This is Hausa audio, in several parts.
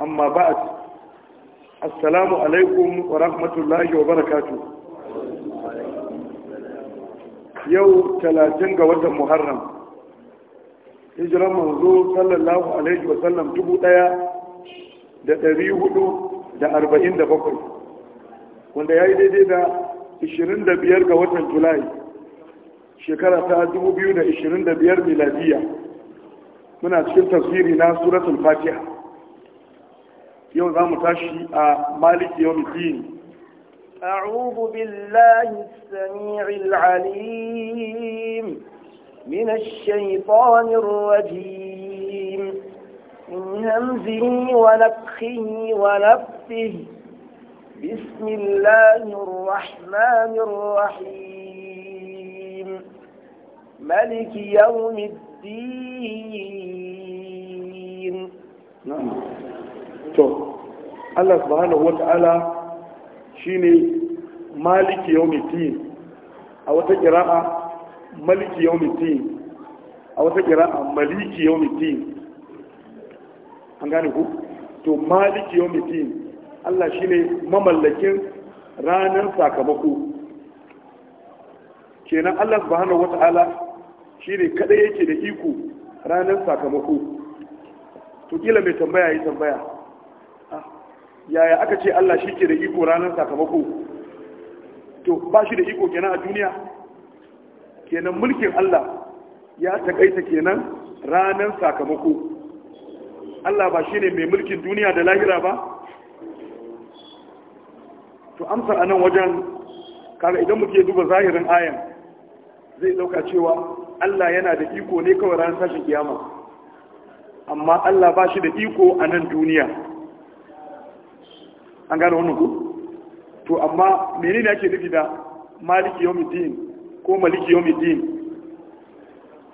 amma ba a ba'ad assalamu alaikum wa rahmatullahi wa barakatu yau talatin ga watan muharram hijiran manzo sallallahu alaihi wa sallam dubu daya da dari hudu da arba'in da bakwai wanda ya yi daidai da ishirin da biyar ga watan julai shekara ta dubu biyu da ishirin da biyar miladiya muna cikin tafsiri na suratul fatiha يوم ذا متشي مالك يوم الدين أعوذ بالله السميع العليم من الشيطان الرجيم من همزه ونفخه ونفه بسم الله الرحمن الرحيم ملك يوم الدين نعم to Allah subhanahu wata'ala shine maliki yawmiddin a wata kira'a maliki yawmiddin a wata kira'a maliki yawmiddin an gane ku to maliki yawmiddin Allah shine mamallakin ranar sakamako kenan Allah subhanahu shi shine kada yake da iko ranar sakamako to kila mai tambaya yi tambaya yaya aka ce Allah shi ke da iko ranar sakamako to ba shi da iko kenan a duniya kenan mulkin Allah ya takaita kenan ranar sakamako Allah ba shi ne mai mulkin duniya da lahira ba to amsar a nan wajen kaga idan muke duba zahirin ayan zai dauka cewa Allah yana da iko ne kawai ranar sashen kiyama amma Allah ba shi da iko a nan duniya an gane wannan ku to amma menene yake nufi da maliki din ko maliki din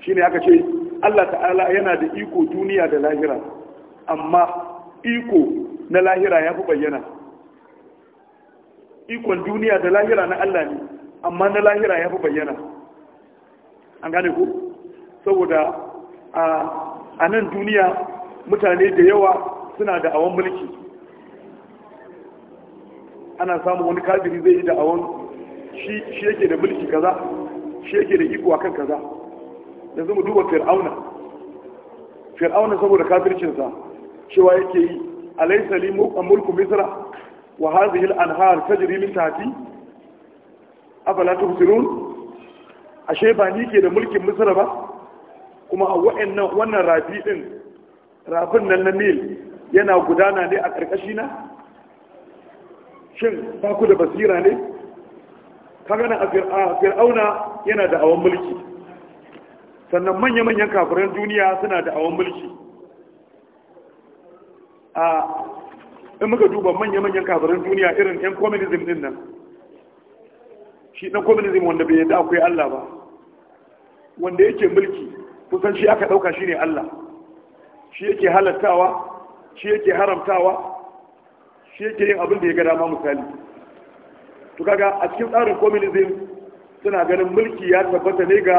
shine aka ce Allah ta'ala yana da iko duniya da lahira amma iko na lahira ya fi bayyana ikon duniya da lahira na Allah ne amma na lahira ya fi bayyana an gane ku saboda a nan duniya mutane da yawa suna da awon mulki ana samun wani kafiri zai yi da awon shi yake da mulki kaza shi yake da iko akan kaza yanzu mu duba fir'auna fir'auna saboda kafircinsa cewa yake yi alaysa li mulku misra wa hadhihi al-anhar tajri min tahti afala tubsirun ashe ba ni ke da mulkin misra ba kuma a wa'annan wannan rafi din rafin nan na nil yana gudana ne a ƙarƙashina shin ba ku da basira ne kaga na a fir'auna yana da awon mulki sannan manya-manyan kafiran duniya suna da awon mulki a in muka duba manya-manyan kafiran duniya irin 'yan communism din nan shi ɗan communism wanda bai yadda akwai Allah ba wanda yake mulki kusan shi aka ɗauka shi ne Allah shi yake halattawa shi yake haramtawa shi yake yin abin da ya ga dama misali to kaga a cikin tsarin communism suna ganin mulki ya tabbata ne ga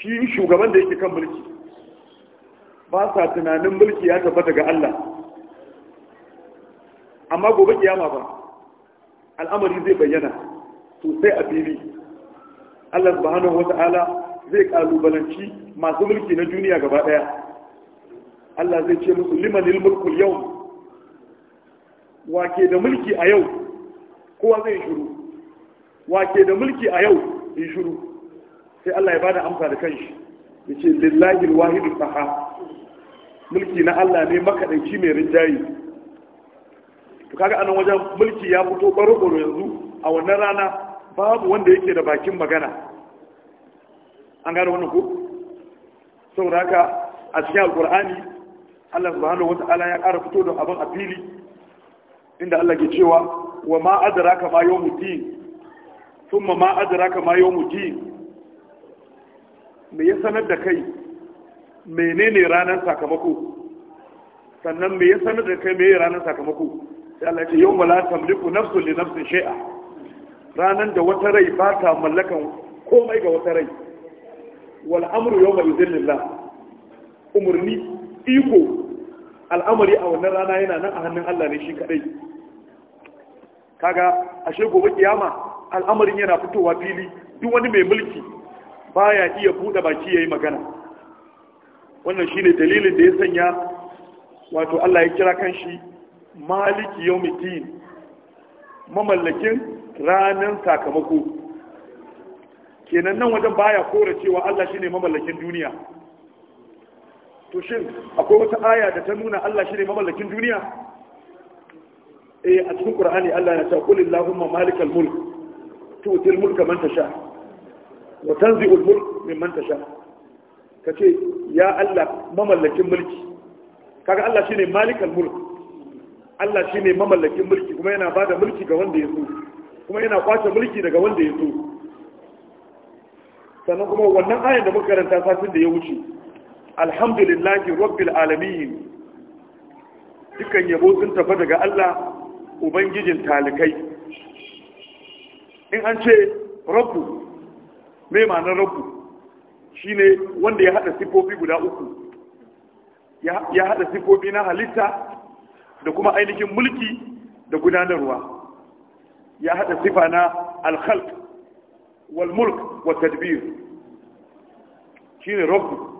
shi shugaban da yake kan mulki ba sa tunanin mulki ya tabbata ga Allah amma gobe kiyama ba al'amari zai bayyana sosai a fili Allah subhanahu wata'ala zai kalubalanci masu mulki na duniya gaba daya Allah zai ce musu limanil mulkul yau wake da mulki a yau kowa zai shiru wake da mulki a yau yi shiru sai Allah ya bada amsa da kanshi ya ce lillahi wahidul saha mulki na Allah ne makaɗaici mai rinjaye to kaga anan wajen mulki ya fito baro-baro yanzu a wannan rana babu wanda yake da bakin magana an gane wannan ku saboda haka a cikin Alƙur'ani, Allah subhanahu wata'ala ya ƙara fito da abin a fili inda Allah ke cewa wa ma adraka ma din thumma ma adraka ma din me ya sanar da kai menene ranar sakamako sannan me ya sanar da kai me ranar sakamako sai Allah ya ce yawma la tamliku nafsun li nafsin shay'a ranan da wata rai ba ta mallakan komai ga wata rai wal amru yawma idhillillah umurni iko al'amari a wannan rana yana nan a hannun Allah ne shi kadai kaga ashe gobe kiyama al'amarin yana fitowa fili duk wani mai mulki baya iya buɗe baki yayi magana wannan shine dalilin da ya sanya wato Allah ya kira kanshi maliki yawmiddin mamallakin ranar sakamako kenan nan wajen baya kora cewa Allah shine mamallakin duniya to shin akwai wata aya da ta nuna Allah shi ne mamallakin duniya eh a cikin qur'ani Allah ya ce qul illahumma malikal mulk tu'til mulka man tasha wa tanzi'ul mulk mimman tasha kace ya Allah mamallakin mulki kaga Allah shi ne malikal mulk Allah shi ne mamallakin mulki kuma yana bada mulki ga wanda ya so kuma yana kwace mulki daga wanda ya so sannan kuma wannan ayan da muka karanta satin da ya wuce alhamdulillahi rabbil alamin dukan yabo sun tafi daga Allah ubangijin talikai in an ce rabbu mai ma'anar rabbu shine wanda ya hada sifofi guda uku ya hada sifofi na halitta da kuma ainihin mulki da gudanarwa ya hada sifa na alkhalq wal mulk wa tadbir shine rabbu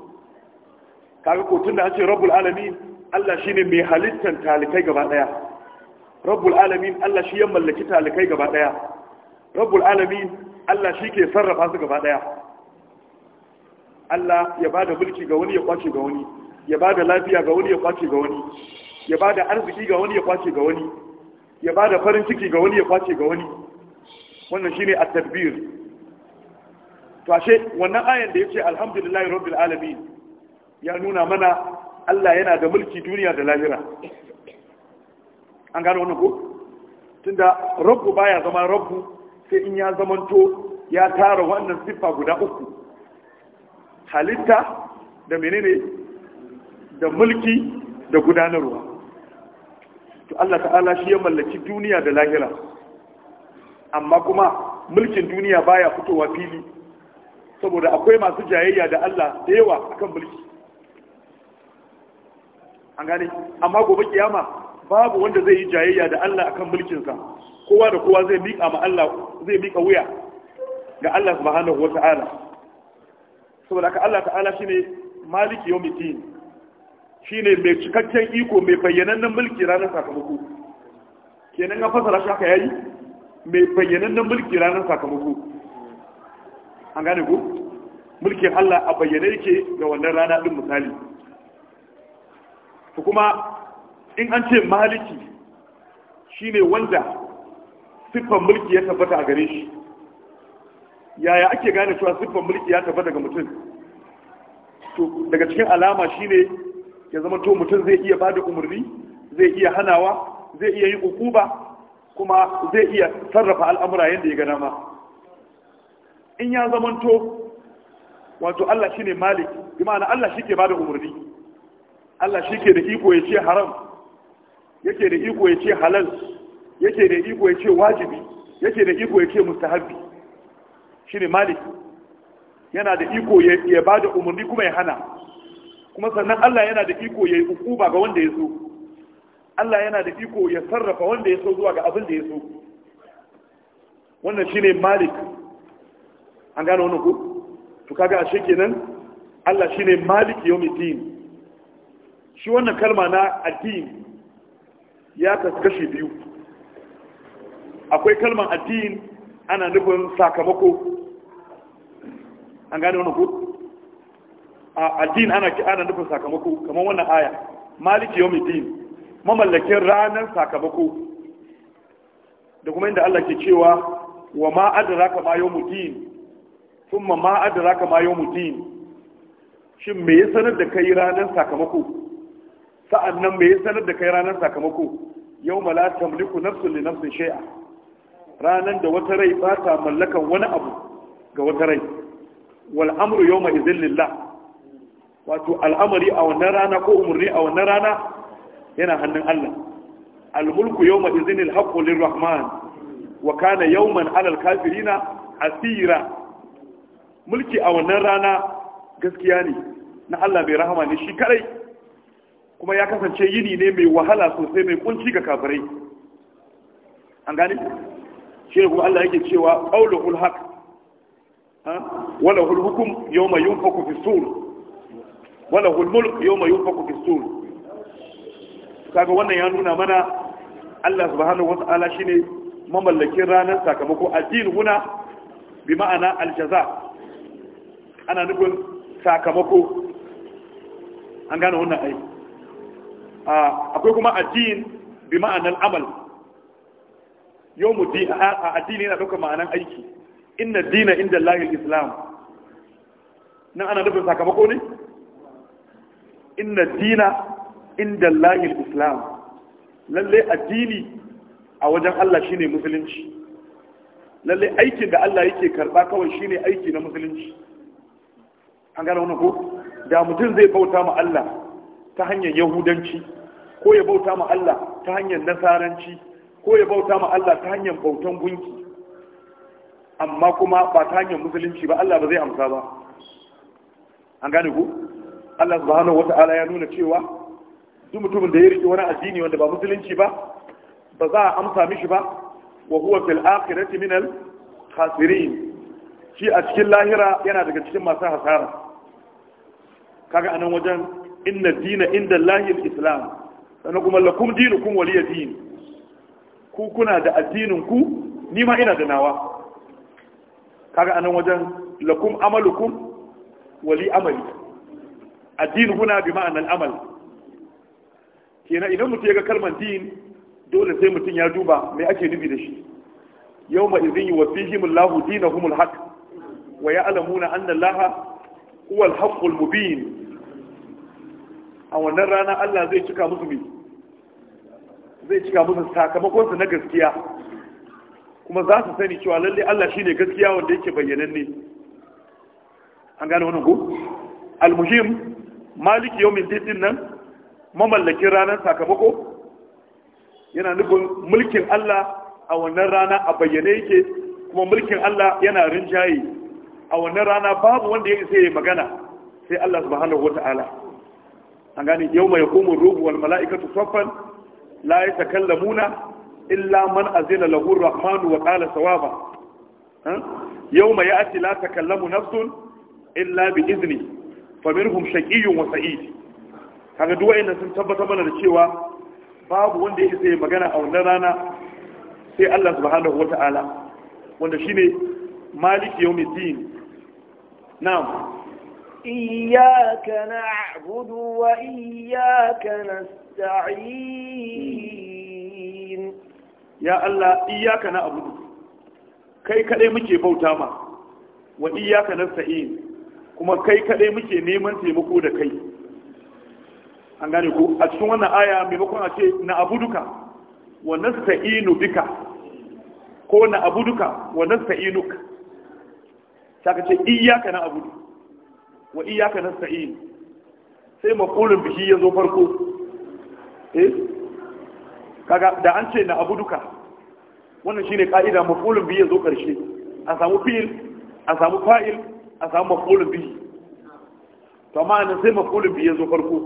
kaga ko tunda an ce rabbul alamin Allah shine mai halittar talikai gaba daya rabbul alamin Allah shi ya mallaki talikai gaba daya rabbul alamin Allah shi ke sarrafa su gaba daya Allah ya bada mulki ga wani ya kwace ga wani ya bada lafiya ga wani ya kwace ga wani ya bada arziki ga wani ya kwace ga wani ya bada farin ciki ga wani ya kwace ga wani wannan shine at-tadbir to ashe wannan ayan da yace alhamdulillahi rabbil alamin ya nuna mana Allah yana da mulki duniya da lahira an gano wannan ko tunda rabbu baya zama rabbu sai in ya zamanto ya tara wannan siffa guda uku halitta da menene da mulki da gudanarwa to Allah ta'ala shi ya mallaki duniya da lahira amma kuma mulkin duniya baya fitowa fili saboda akwai masu jayayya da Allah da yawa akan mulki an gane amma gobe kiyama babu wanda zai yi jayayya da Allah akan mulkinsa kowa da kowa zai miƙa ma Allah zai miƙa wuya ga Allah subhanahu wata'ala saboda haka Allah ta'ala shine maliki din shine mai cikakken iko mai bayyanannen mulki ranar sakamako kenan an fasara shi haka yayi mai bayyanannen mulki ranar sakamako an gane ku mulkin Allah a bayyane yake ga wannan rana din misali to kuma in an ce maliki shine wanda siffan mulki ya tabbata a gare shi yaya ake gane cewa siffan mulki ya tabbata ga mutum to daga cikin alama shine ya zama to mutum zai iya bada umarni zai iya hanawa zai iya yin ukuba kuma zai iya sarrafa al'amura yadda ya gana ma. in ya zamanto wato Allah shine malik bi ma'ana Allah shi ke bada umarni Allah shi ke da iko ya ce haram yake da iko ya ce halal yake da iko ya ce wajibi yake da iko ya ce mustahabbi shi ne malik yana da iko ya ba da umarni kuma ya hana kuma sannan Allah yana da iko ya yi hukuma ga wanda ya so Allah yana da iko ya sarrafa wanda ya so zuwa ga abin da ya so wannan shi ne malik an gano wani ku to kaga ashe kenan Allah shi ne malik yawmiddin shi wannan kalma na addini ya kashi biyu akwai kalman addini ana nufin sakamako an gane wannan a addini ana ana nufin sakamako kamar wannan aya maliki din mamallakin ranar sakamako da kuma inda Allah ke cewa wa ma adraka ma yawmuddin thumma ma ka ma yawmuddin shin me ya sanar da kai ranar sakamako sa'annan me ya sanar da kai ranar sakamako yau mala tamliku nafsun li nafsin shay'a ranan da wata rai ba ta mallakan wani abu ga wata rai wal amru yawma idhil lillah wato al'amari a wannan rana ko umurni a wannan rana yana hannun Allah al mulku yawma idhinil haqqu lirrahman wa kana yawman alal kafirina asira mulki a wannan rana gaskiya ne na Allah bai rahama ne shi kadai kuma ya kasance yini ne mai wahala sosai mai kunci ga kafirai an gane shi kuma Allah yake cewa qaulul haq wala hul hukm yawma yunfaku fi sur wala hul mulk yawma yunfaku fi sur kaga wannan ya nuna mana Allah subhanahu wata'ala shine mamallakin ranar sakamako addin huna bi ma'ana aljaza ana nufin sakamako an gane wannan aiki akwai kuma addini bi ma'anar amal yau mu di a addini yana ɗauka ma'anar aiki inna dina inda lahil islam nan ana nufin sakamako ne inna dina inda lahil islam lalle addini a wajen Allah shine musulunci lalle aikin da Allah yake karba kawai shine aiki na musulunci an gane wani ko da mutum zai bauta ma Allah ta hanyar yahudanci ko ya bauta ma Allah ta hanyar nasaranci ko ya bauta ma Allah ta hanyar bautan gunki amma kuma ba ta hanyar musulunci ba Allah ba zai amsa ba an gane ku Allah subhanahu wata'ala ya nuna cewa duk mutumin da ya rike wani addini wanda ba musulunci ba ba za a amsa mishi ba wa huwa fil akhirati min al khasirin shi a cikin lahira yana daga cikin masu hasara kaga anan wajen inna dina inda lahil islam na kuma lakum dinukum waliya dini ku kuna da addinin ku ni ma ina da nawa kaga anan wajen lakum amalukum wali amali addini huna bi ma'anan amal kenan idan mutum ya ga kalmar din dole sai mutum ya duba me ake nufi da shi yawma idhin yuwaffihim Allahu dina al-haq wa ya'lamuna anna Allaha huwa al-haqqul a wannan rana Allah zai cika musu zai cika musu sakamakonsa na gaskiya kuma za su sani cewa lalle Allah shine gaskiya wanda yake bayyananne an gane wannan ko almuhim maliki yawmin din nan mamallakin ranar sakamako yana nufin mulkin Allah a wannan rana a bayyane yake kuma mulkin Allah yana rinjaye a wannan rana babu wanda ya isa ya magana sai Allah subhanahu wata'ala an gane yawma yaqumu ruhu wal mala'ikatu saffan la ya takallamuna illa man azina lahu rahmanu wa qala sawaba yawma ya'ti la takallamu nafsun illa bi izni faminhum shaqiyyun wa sa'id kaga duk wayannan sun tabbata mana da cewa babu wanda ya yake sai magana a wannan rana sai Allah subhanahu wata'ala wanda shine maliki yawmiddin na'am إياك نعبد وإياك نستعين يا الله إياك نعبد كي كلي مكي بوتاما وإياك نستعين كما كي kadai مكي neman taimako da كي an gane ko a cikin wannan aya maimakon a ce na abuduka wa nasta'inu bika ko na abuduka wa nasta'inuka saka ce iyyaka na abudu wa iyyaka nasta'in sai maqulun bihi ya zo farko eh kaga da an ce na abu duka wannan shine ka'ida maqulun bihi ya zo karshe a samu fi'il a samu fa'il a samu maqulun bihi to amma nan sai maqulun bihi ya zo farko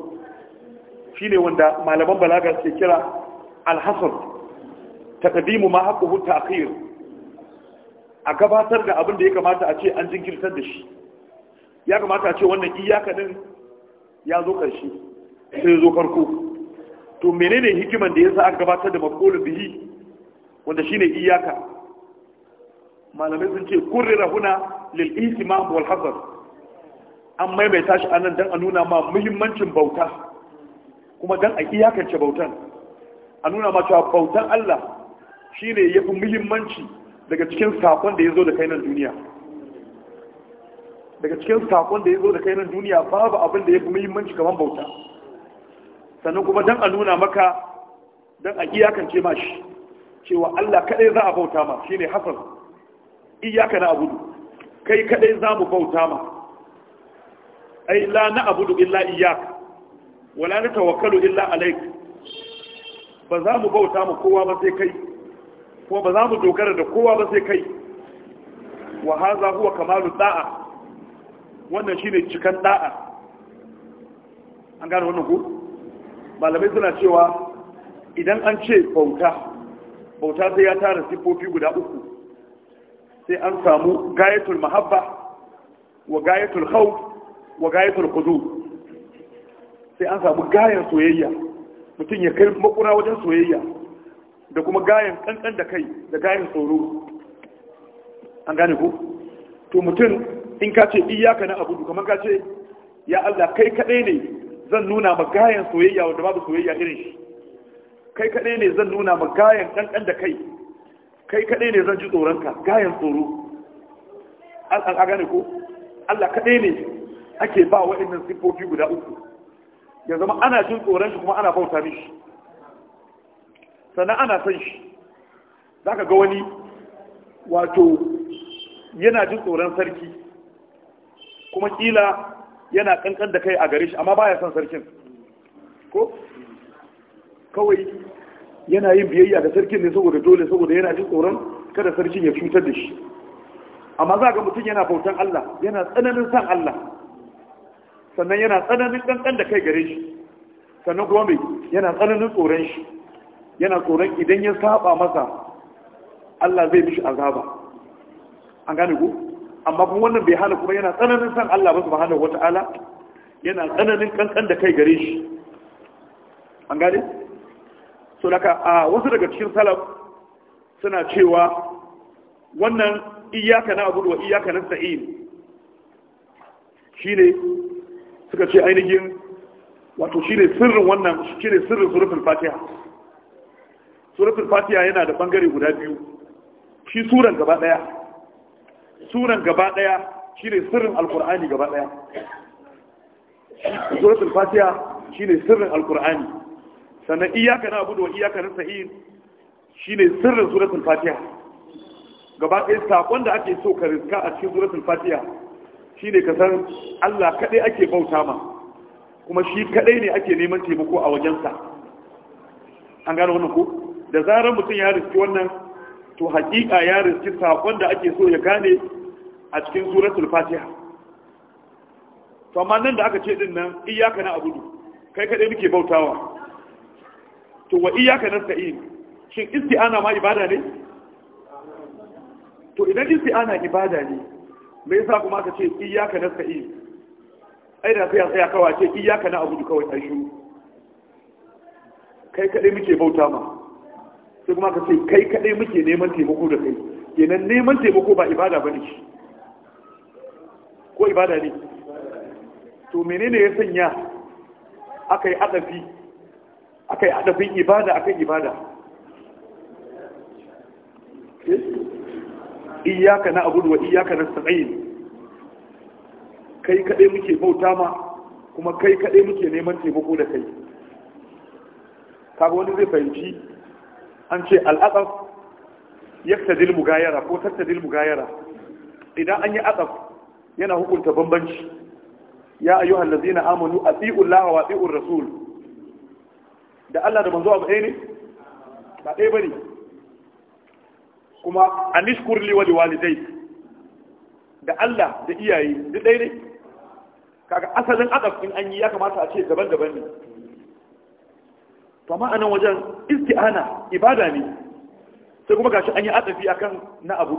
shine wanda malaman balaga suke kira al-hasr taqdimu ma haqqu ta'khir a gabatar da abin da ya kamata a ce an jinkirtar da shi ya kamata a ce wannan iyaka din ya zo ƙarshe sai zo farko to menene hikiman da ya sa aka gabatar da maqulu bihi wanda shine iyaka malamai sun ce kurri huna lil ihtimam wal hazar an maimaita shi anan dan a nuna ma muhimmancin bauta kuma dan a iyakance bautan a nuna ma cewa bautan Allah shine yafi muhimmanci daga cikin sakon da ya zo da kai nan duniya daga cikin sakon da ya zo da kai nan duniya babu abin da ya fi muhimmanci kamar bauta sannan kuma don a nuna maka don a iyakance ma shi cewa Allah kaɗai za a bauta ma shi ne hasan iyaka na abudu kai kaɗai za mu bauta ma ai la na abudu illa iyaka wala na tawakkalu illa alaik ba za mu bauta ma kowa ba sai kai kuma ba za mu dogara da kowa ba sai kai wa haza huwa kamalu da'a wannan shine cikan da'a an gane wannan ku malamai suna cewa idan an ce bauta bauta sai ya tara siffofi guda uku sai an samu gayatul mahabba wa gayatul hau, wa gayatul khudu sai an samu gayar soyayya mutum ya kai makura wajen soyayya da kuma gayan kankan da kai da gayan tsoro an gane ku to mutum in ka ce iyaka na abudu kamar ka ce ya Allah kai kadai ne zan nuna ma gayan soyayya wanda babu soyayya irin shi kai kadai ne zan nuna ma gayan kankan da kai kai kadai ne zan ji tsoron ka gayan tsoro an a gane ko Allah kadai ne ake ba waɗannan sifofi guda uku ya zama ana jin tsoron shi kuma ana bauta mishi sannan ana san shi zaka ga wani wato yana jin tsoron sarki kuma kila yana kankan da kai a gare shi amma baya son sarkin ko kawai yana yin biyayya da sarkin ne saboda dole saboda yana jin tsoron kada sarkin ya cutar da shi amma za ga mutum yana bautan Allah yana tsananin san Allah sannan yana tsananin kankan da kai gare shi sannan kuma mai yana tsananin tsoron shi yana tsoron idan ya saba masa Allah zai mishi azaba an gane ku amma kuma wannan bai hana kuma yana tsananin san Allah ba wata ala, yana tsananin kankan da kai gare shi an gane so daga a wasu daga cikin salaf suna cewa wannan iyyaka abudu wa iyyaka nasta'in shine suka ce ainihin wato shine sirrin wannan shine sirrin suratul fatiha suratul fatiha yana da bangare guda biyu shi suran gaba daya suran gaba daya shine sirrin alqur'ani gaba daya suratul fatiha shine sirrin alqur'ani sannan iyyaka na'budu wa iyyaka nasta'in shine sirrin suratul fatiha gaba daya sakon da ake so ka riska a cikin suratul fatiha shine ka san Allah kadai ake bauta ma kuma shi kadai ne ake neman taimako a wajensa an gano wannan ko da zarar mutum ya riski wannan to haƙiƙa ya riski saƙon da ake so ya gane a cikin suratul fatiha to amma nan da aka ce din nan iyaka na abudu kai kaɗai muke bautawa to wa iyaka nasta'in shin isti'ana ma ibada ne to idan isti'ana ibada ne me yasa kuma aka ce iyaka nasta'in ai da sai a tsaya kawai ce iyaka na abudu kawai a shiru kai kaɗai muke bauta ma sai kuma ka ce kai kadai muke neman taimako da kai kenan neman taimako ba ibada bane shi ko ibada ne to menene ya sanya aka yi adafi aka adafin ibada akai ibada iyyaka na abudu wa iyyaka na kai kadai muke bauta ma kuma kai kadai muke neman taimako da kai kaga wani zai fahimci an ce al'adaf dilmu gayara ko dilmu gayara. idan an yi adaf yana hukunta bambanci ya ayyuhal ladzina amanu atiiu llaha wa atiiu rasul da Allah da manzo abu ɗaya ne ba ɗaya bane kuma anishkur li wa liwalidai da Allah da iyaye duk ɗaya ne kaga asalin adaf in an yi ya kamata a ce daban-daban ne to amma anan wajen isti'ana ibada ne sai kuma gashi an yi atafi akan na abu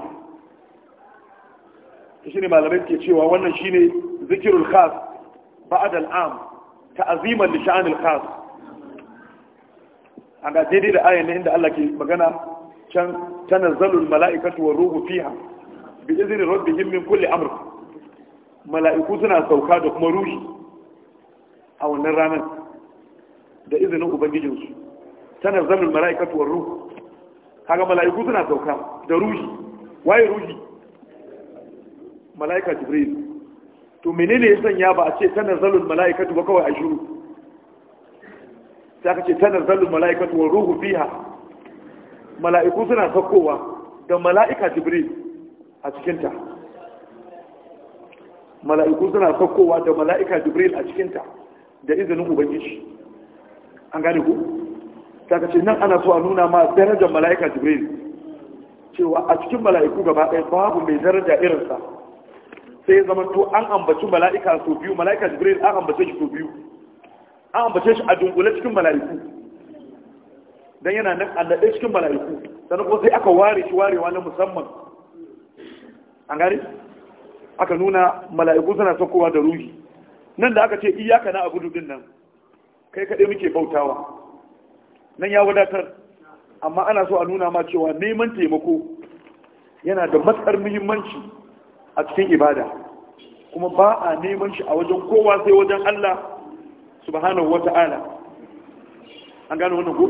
to shine malamai ke cewa wannan shine zikirul khas ba'da al'am ta'ziman li khas an ga daidai da ayan inda Allah ke magana can tanazzalul mala'ikatu war ruhu fiha bi izni rabbihim min kulli amr mala'iku suna sauka da kuma ruhi a wannan ranar da izinin ubangijinsu tana zamin mala'ikatu ruhu Haga kaga mala'iku suna sauka da ruhi waye ruhi mala'ika jibril to menene ya sanya ba a ce tana zalul mala'ikatu ba kawai a shiru sai aka ce tana zalul mala'ikatu ruhu fiha mala'iku suna saukowa da mala'ika jibril a cikinta mala'iku suna saukowa da mala'ika jibril a cikinta da izinin ubangiji an gane ku ta ce nan ana so a nuna ma darajar mala'ika jibril cewa a cikin mala'iku gaba ɗaya babu mai daraja irinsa sai zama to an ambaci mala'ika so biyu mala'ika jibril an ambace shi so biyu an ambace shi a dungule cikin mala'iku dan yana nan a naɗe cikin mala'iku sannan kuma sai aka ware shi warewa na musamman an gane aka nuna mala'iku suna sokowa da ruhi nan da aka ce iyaka na abudu din nan kai kaɗai muke bautawa nan ya wadatar amma ana so a nuna ma cewa neman taimako yana da matsar muhimmanci a cikin ibada kuma ba a neman shi a wajen kowa sai wajen Allah subhanahu wa ta'ala an gano wannan ku?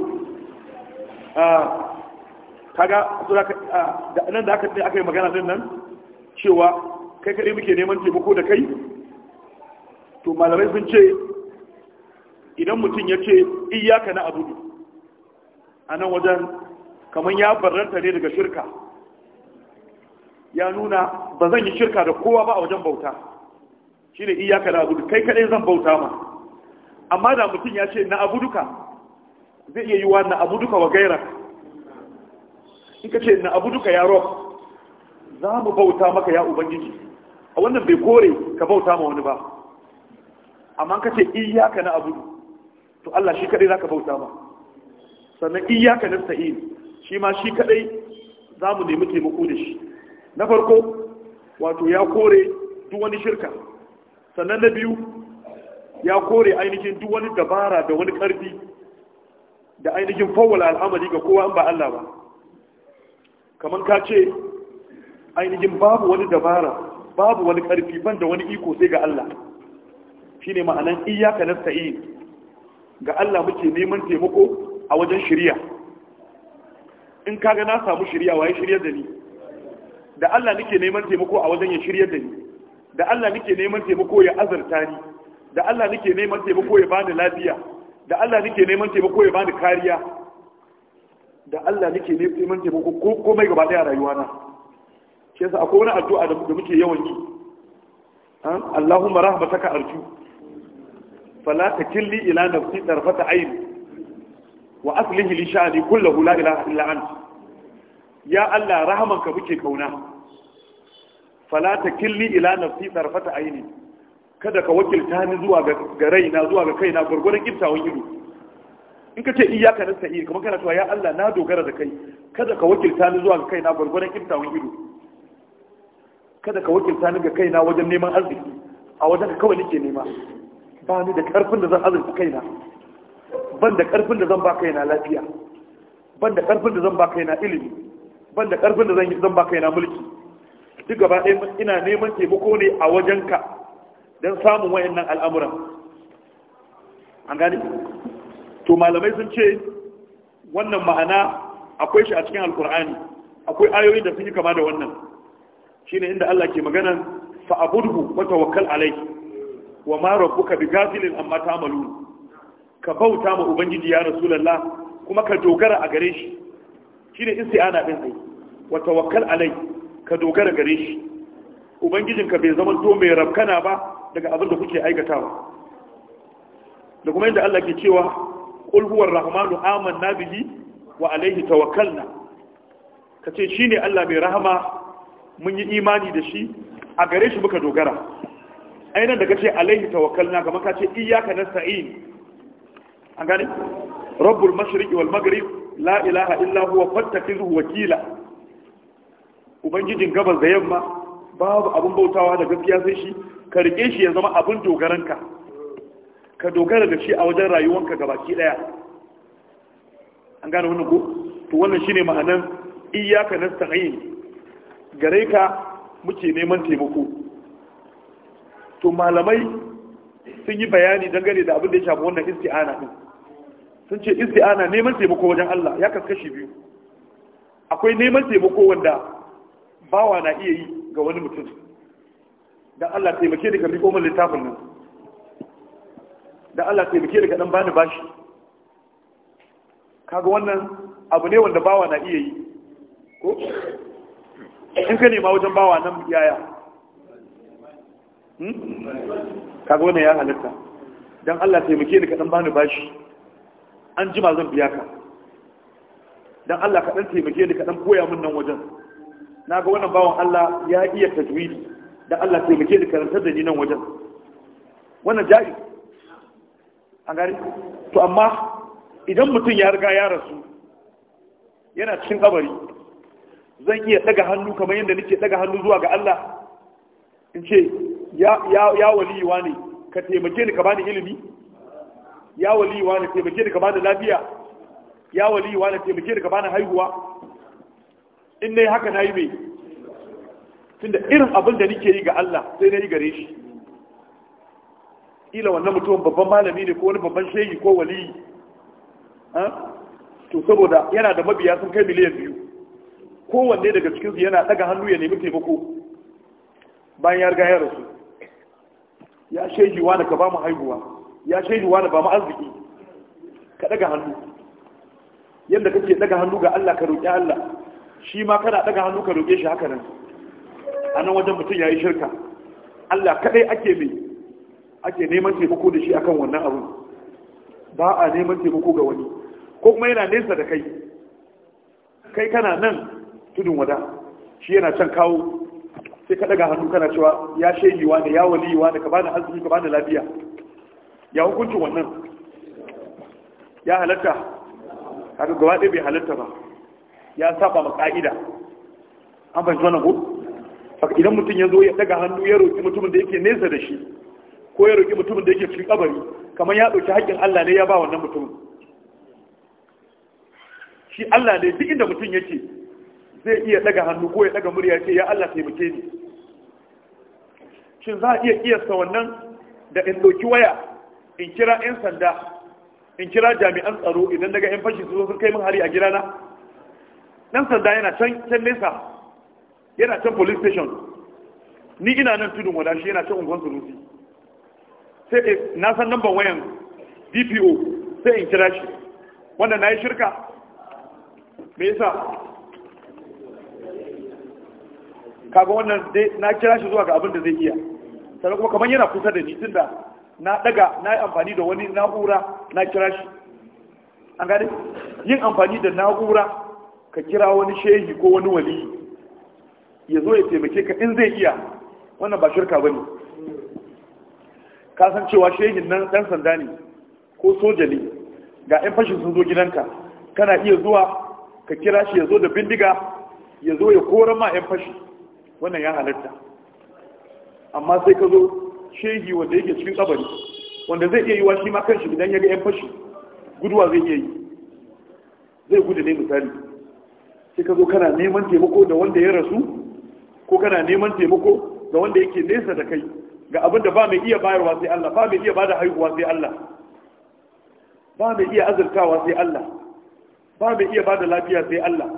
Ah, kaga ah, nan da aka yi magana din nan cewa kai kaɗai muke neman taimako da kai to malamai sun ce idan mutum ya ce iyaka na abudu a nan wajen kamar ya barranta ne daga shirka ya nuna ba zan yi shirka da kowa ba a wajen bauta shi ne iyaka na abudu kai kaɗai zan bauta ma amma da mutum ya ce na abuduka zai iya yi wa na abuduka wa gaira in ka ce na abuduka ya rob za mu bauta maka ya ubangiji a wannan bai kore ka bauta ma wani ba amma ka ce iyaka na abudu to Allah shi kadai zaka bauta ma sannan iyyaka nasta'in shi ma shi kadai zamu nemi taimako da shi na farko wato ya kore duk wani shirka sannan na biyu ya kore ainihin duk wani dabara da wani karfi da ainihin fawwala al'amari ga kowa ba Allah ba kamar ka ce ainihin babu wani dabara babu wani karfi ban wani iko sai ga Allah shine ma'anan iyyaka nasta'in ga Allah muke neman taimako a wajen shirya in kaga na samu shirya waye shirya da ni da Allah nake neman taimako a wajen ya shirya da ni da Allah nake neman taimako ya azarta ni da Allah nake neman taimako ya bani lafiya da Allah nake neman taimako ya bani kariya da Allah nake neman taimako ko komai gaba daya rayuwana shi yasa akwai wani addu'a da muke yawan yi Allahumma rahmataka arju fala takilli ila nafsi tarfata ayn wa aslihi li sha'ni kullahu la ilaha illa ant ya Allah rahamanka muke kauna fala takilli ila nafsi tarfata ayni kada ka wakilta ni zuwa ga raina zuwa ga kaina gurgurun kiftawan ido in ka ce iyaka nasta'in kamar kana cewa ya Allah na dogara da kai kada ka wakilta ni zuwa ga kaina gurgurun kiftawan ido kada ka wakilta ni ga kaina wajen neman arziki a wajen ka kawai nake nema ba ni da karfin da zan azurta kaina ban da karfin da zan ba kaina lafiya ban da karfin da zan ba kaina ilimi ban da karfin da zan ba kaina mulki duk gaba ɗaya ina neman taimako ne a wajenka don samun wayannan al'amuran an gane to malamai sun ce wannan ma'ana akwai shi a cikin alkur'ani akwai ayoyi da sun yi kama da wannan shine inda Allah ke magana abudhu wa tawakkal alayhi wa ma rabbuka bi gafilin amma ta'malun ka bauta ma ubangiji ya rasulullah kuma ka dogara a gare shi shine isti'ana din sai wa tawakkal alai ka dogara gare shi ubangijinka bai zama to mai rabkana ba daga abin da kuke aikatawa da kuma yadda Allah ke cewa qul huwar rahmanu amanna bihi wa alaihi tawakkalna kace shine Allah mai rahama mun yi imani da shi a gare shi muka dogara ainihin daga ce alaihi tawakkalna kamar ka ce iyaka nasta'in an gane rabbul mashriqi wal maghrib la ilaha illa huwa fattakhidhu wakila ubangijin gabas da yamma babu abun bautawa da gaskiya sai shi ka rike shi ya zama abin dogaranka ka dogara da shi a wajen rayuwanka gabaki daya an gane wannan ko to wannan shine ma'anan iyyaka nasta'in gare ka muke neman taimako to malamai sun yi bayani dangane da abin da ya shafi wannan isti'ana din sun ce isti'ana neman taimako wajen Allah ya kaskashi biyu akwai neman taimako wanda bawa na iya yi ga wani mutum Da Allah taimake ni ka miƙo min littafin nan Da Allah taimake ni ka dan bani bashi kaga wannan abu ne wanda bawa na iya yi ko in ka nema wajen bawa nan yaya Hmm? kaga wannan ya halitta? Don Allah taimake ni kaɗan bani bashi an jima zan biya ka Don Allah kaɗan taimake ni kaɗan koya min nan wajen na ga wannan bawan Allah ya iya tajwidi Don Allah taimake ni karantar da ni nan wajen wannan jari an gari to amma idan mutum ya riga ya rasu yana cikin kabari zan iya daga hannu kamar yadda nake daga hannu zuwa ga Allah in ce ya waliwa ne ka taimake ni ka bani ilimi ya waliwa ne taimake ni ka bani lafiya ya waliwa ne taimake ni ka bani haihuwa in nayi haka nayi mai tunda irin abin da nake yi ga Allah sai na yi gare shi ila wannan mutum babban malami ne ko wani babban shehi ko waliyi to saboda yana da mabiya sun kai miliyan biyu kowanne daga cikinsu yana daga hannu ya nemi taimako bayan ya riga ya rasu ya shehi wani ka ba mu haihuwa ya shehi wani ba mu arziki ka daga hannu yadda kake daga hannu ga Allah ka roƙi Allah shi ma kana daga hannu ka roƙe shi haka nan a nan wajen mutum ya yi shirka Allah kaɗai ake mai ake neman taimako da shi akan wannan abu ba a neman taimako ga wani ko kuma yana nesa da kai kai kana nan tudun wada shi yana can kawo sai ka daga hannu kana cewa ya shehiwa ne ya waliwa ne ka da azumi ka da lafiya ya hukuncin wannan ya halatta haka gaba ɗaya bai halatta ba ya saba ma ka'ida an bai wannan ko idan mutum ya zo ya daga hannu ya roƙi mutumin da yake nesa da shi ko ya roƙi mutumin da yake cikin kabari kamar ya ɗauki haƙƙin Allah ne ya ba wannan mutumin shi Allah ne duk inda mutum yake zai iya daga hannu ko ya daga murya ce ya Allah taimake ni shin za a iya kiyasta wannan da in ɗauki waya in kira 'yan sanda in kira jami'an tsaro idan daga 'yan fashi su sun kai min hari a gidana ɗan sanda yana can can nesa yana can police station ni ina nan tudun wada shi yana can unguwan sunusi sai na san number wayan dpo sai in kira shi wannan na yi shirka me yasa kaga wannan dai na kira shi zuwa ga abin da zai iya sannan kuma kamar yana kusa da ni tunda na daga na yi amfani da wani na'ura na kira shi an gane yin amfani da na'ura ka kira wani shehi ko wani wali ya zo ya taimake ka in zai iya wannan ba shirka bane ka san cewa shehin nan dan sanda ne ko soja ne ga yan fashin sun zo gidanka kana iya zuwa ka kira shi ya zo da bindiga ya zo ya kora ma yan fashi wannan ya halatta amma sai ka zo shehi wanda yake cikin tsabari wanda zai iya yi wa shi ma kanshi idan ya ga yan fashi guduwa zai iya yi zai gudu ne misali sai ka zo kana neman taimako da wanda ya rasu ko kana neman taimako da wanda yake nesa da kai ga abin da ba mai iya bayarwa sai Allah ba mai iya bada haihuwa sai Allah ba mai iya azurtawa sai Allah ba mai iya bada lafiya sai Allah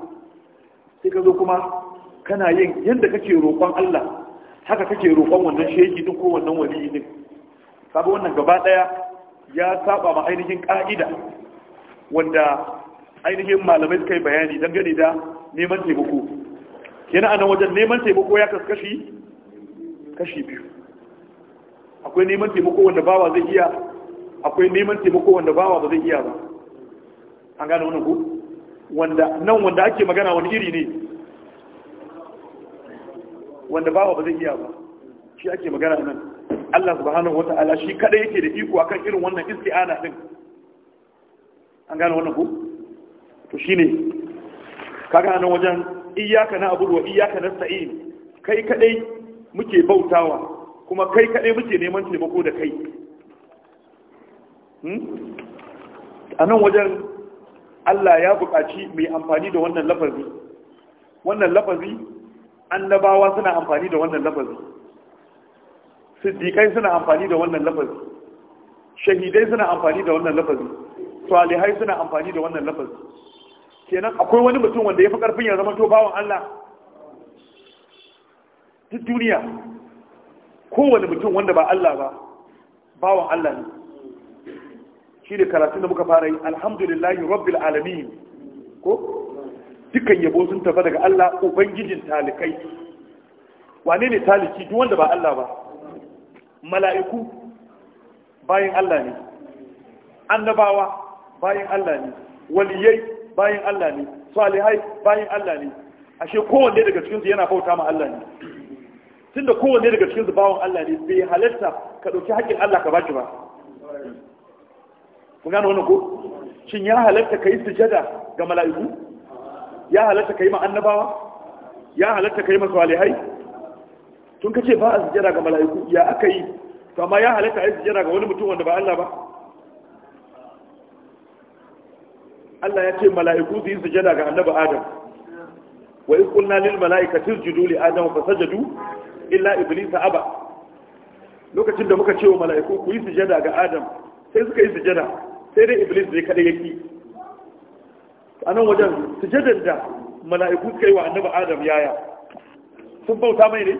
sai ka zo kuma kana yin yadda kake roƙon Allah haka kake roƙon wannan sheki duk ko wannan wali ne kaga wannan gaba daya ya saba ma ainihin ka'ida wanda ainihin malamai suka yi bayani dangane da neman taimako kenan anan wajen neman taimako ya kaskashi kashi biyu akwai neman taimako wanda bawa zai iya akwai neman taimako wanda bawa ba zai iya ba an gane wannan ku wanda nan wanda ake magana wani iri ne wanda bawa ba zai iya ba shi ake magana nan Allah subhanahu wata'ala shi kada yake da iko akan irin wannan isti'ana din an gane wannan ko to shine kaga nan wajen iyyaka na'budu wa iyyaka nasta'in kai kadai muke bautawa kuma kai kadai muke neman taimako da kai hmm? a nan wajen Allah ya buƙaci mai amfani da wannan lafazi wannan lafazi annabawa suna amfani da wannan lafazi siddiƙai suna amfani da wannan lafazi shahidai suna amfani da wannan lafazi salihai suna amfani da wannan lafazi kenan akwai wani mutum wanda ya fi ƙarfin ya zama to bawan Allah duk duniya kowane mutum wanda ba Allah ba bawan Allah ne shi da karatun da muka fara yi alhamdulillahi rabbil alamin ko dukkan yabo sun tafi daga Allah ubangijin talikai wane ne taliki duk wanda ba Allah ba mala'iku bayan Allah ne annabawa bayan Allah ne waliyai bayan Allah ne salihai bayan Allah ne ashe kowanne daga cikin su yana bauta ma Allah ne tunda kowanne daga cikin su bawon Allah ne bai halatta ka dauki haƙƙin Allah ka baki ba kun gano wannan ko shin ya halatta ka yi sujada ga mala'iku ya halatta kai ma annabawa ya halatta kai ma salihai tun kace ba a sujjada ga mala'iku ya aka yi to amma ya halatta a sujjada ga wani mutum wanda ba Allah ba Allah ya ce mala'iku su yi sujjada ga annabi Adam wa in qulna lil mala'ikati isjudu li adam sajadu illa iblis aba lokacin da muka ce wa mala'iku ku yi sujjada ga Adam sai suka yi sujjada sai dai iblis bai kada yake a nan wajen sujadar da mala'iku suka yi wa annaba adam yaya sun bauta mai ne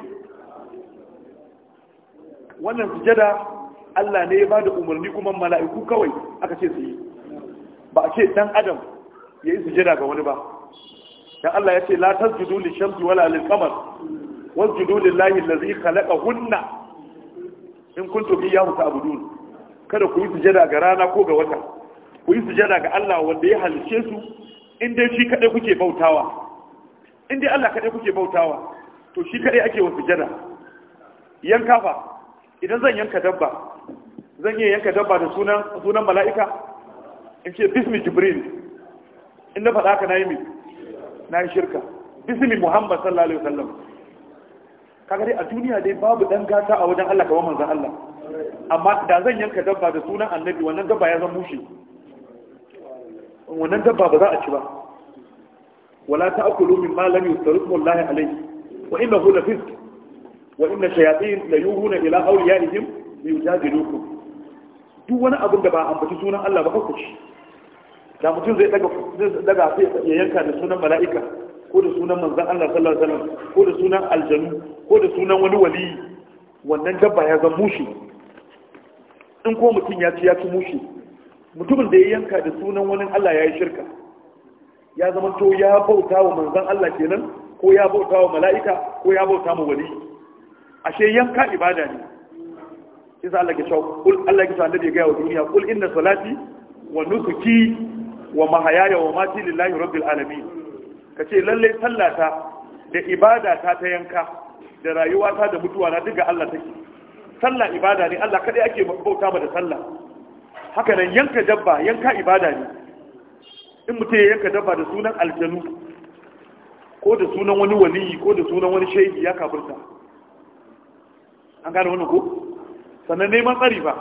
wannan sujada Allah ne ya bada umarni kuma mala'iku kawai aka ce su yi ba a ce dan adam ya yi sujada ga wani ba dan Allah ya ce la judo da shamsu wala da layi da zai kalaka hunna in kun kuntum abu dun kada ku yi sujada ga rana ko ga wata ku yi sujada ga Allah wanda ya halice su in dai shi kaɗai kuke bautawa in dai Allah kaɗai kuke bautawa to shi kaɗai ake wa sujada yanka fa idan zan yanka dabba zan iya yanka dabba da sunan sunan mala'ika in ce bismi jibril in na faɗa ka nayi mi nayi shirka bismi muhammad sallallahu alaihi wasallam kaga dai a duniya dai babu dan gata a wajen Allah kamar manzon Allah amma da zan yanka dabba da sunan annabi wannan dabba ya zama mushi wannan dabba ba za a ci ba wala min mimma lam yusarrifu Allah alayhi wa innahu la fisq wa inna shayatin la yuhuna ila awliyaihim yujadilukum duk wani abin da ba ambaci sunan Allah ba kuka ci da mutum zai daga daga sai ya yanka da sunan mala'ika ko da sunan manzon Allah sallallahu alaihi wasallam ko da sunan aljannu ko da sunan wani wali wannan dabba ya zama mushi in ko mutum ya ci ya ci mushi mutumin da ya yanka da sunan wani Allah ya yi shirka ya zama to ya bauta wa manzan Allah kenan ko ya bauta wa mala'ika ko ya bauta ma wali ashe yanka ibada ne isa Allah ke shawo kul Allah ke shawo da gaya wa duniya kul inna salati wa nusuki wa mahayaya wa mati lillahi rabbil alamin ce lalle sallata da ibada ta ta yanka da rayuwata da mutuwa na duka Allah take sallah ibada ne Allah kadai ake bauta ba da sallah haka nan yanka dabba yanka ibada ne in mutum ya yanka dabba da sunan aljanu ko da sunan wani waliyi ko da sunan wani shaidi ya kafirta an gane wani ko sannan neman tsari ba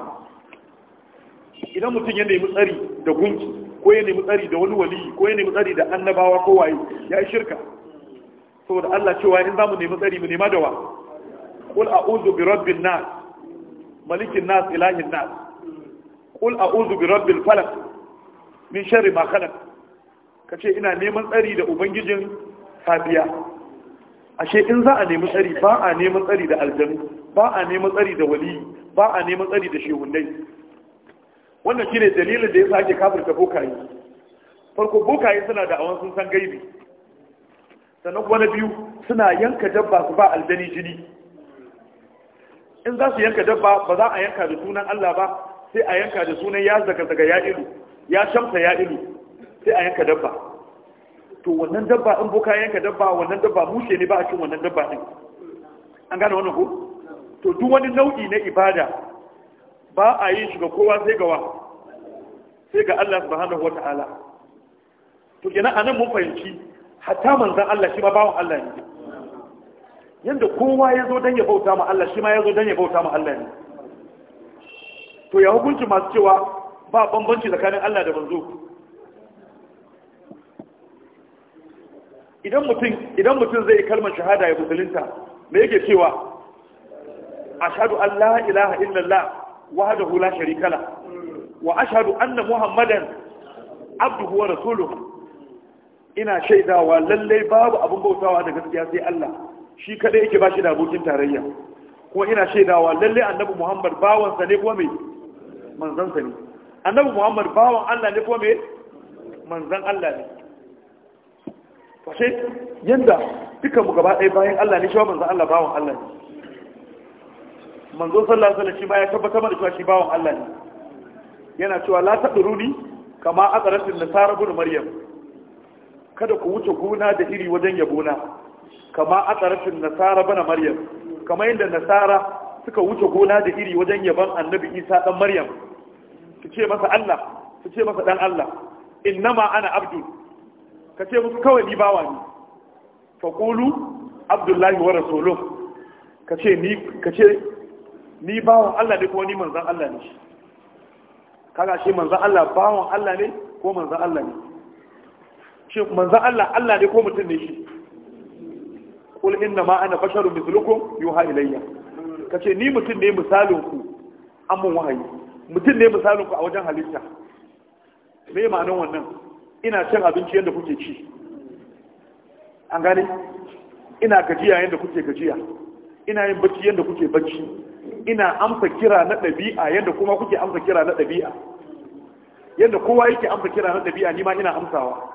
idan mutum ya nemi tsari da gunki ko ya nemi tsari da wani waliyi ko ya nemi tsari da annabawa ko waye ya yi shirka saboda Allah cewa in za mu nemi tsari mu nema da wa qul a'udhu bi rabbin nas malikin nas ilahin nas qul a'udhu bi rabbil falak min sharri ma khalaq kace ina neman tsari da ubangijin safiya ashe in za a nemi tsari ba a neman tsari da aljanu ba a neman tsari da wali ba a neman tsari da shehunai wannan shine dalilin da yasa ake kafirta bokaye farko bokaye suna da awan sun san gaibi sannan kuma na biyu suna yanka dabba su ba aljani jini in za su yanka dabba ba za a yanka da sunan Allah ba sai a yanka da sunan ya zaka zaka ya ilu ya shamsa ya ilu sai a yanka dabba to wannan dabba in buka yanka dabba wannan dabba mushe ne ba a cin wannan dabba din an gane wannan ko to duk wani nau'i na ibada ba a yin shi ga kowa sai ga wa sai ga Allah subhanahu wata'ala to kenan anan mun fahimci hatta manzon Allah shi ma bawon Allah ne yanda kowa ya zo ya bauta ma Allah shi ma ya zo ya bauta ma Allah ne to ya hukunci masu cewa ba bambanci tsakanin Allah da manzo idan mutum idan mutum zai kalmar shahada ya musulunta me yake cewa ashhadu an la ilaha illallah wahdahu la sharika la wa ashhadu anna muhammadan abduhu wa rasuluhu ina shaidawa lallai babu abin bautawa da gaskiya sai Allah shi kaɗai yake ba shi da abokin tarayya kuma ina shaidawa lallai annabi Muhammad bawansa ne kuma mai manzansa ne annabi muhammad bawan allah ne ko me manzan allah ne fashe yanda duka mu gaba ɗaya bayan allah ne shi wa manzan allah bawan allah ne manzo sallallahu alaihi wasallam shi ma ya tabbatar da cewa shi bawan allah ne yana cewa la taqruni kama aqratin nasara bin maryam kada ku wuce gona da iri wajen yabona kama aqratin nasara bin maryam kama inda nasara suka wuce gona da iri wajen yaban annabi isa dan maryam su ce masa allah su ce masa dan allah innama ana abdu ka ce musu kawai ni bawa ne faƙulu abdullahi wa rasulun ka ce ni bawan allah ne ko ni manzan allah ne kaga shi manzan allah bawan allah ne ko manzan allah ne shi manzan allah allah ne ko mutum ne shi kul inna ma ana basharun mislukum yuha ilayya ka ce ni mutum ne misalin ku an mun wahayi mutum ne misalin ku a wajen halitta me ma'anin wannan ina cin abinci yadda kuke ci an gane ina gajiya yadda kuke gajiya ina yin bacci yadda kuke bacci ina amsa kira na ɗabi'a yadda kuma kuke amsa kira na ɗabi'a yadda kowa yake amsa kira na ɗabi'a ni ma ina amsawa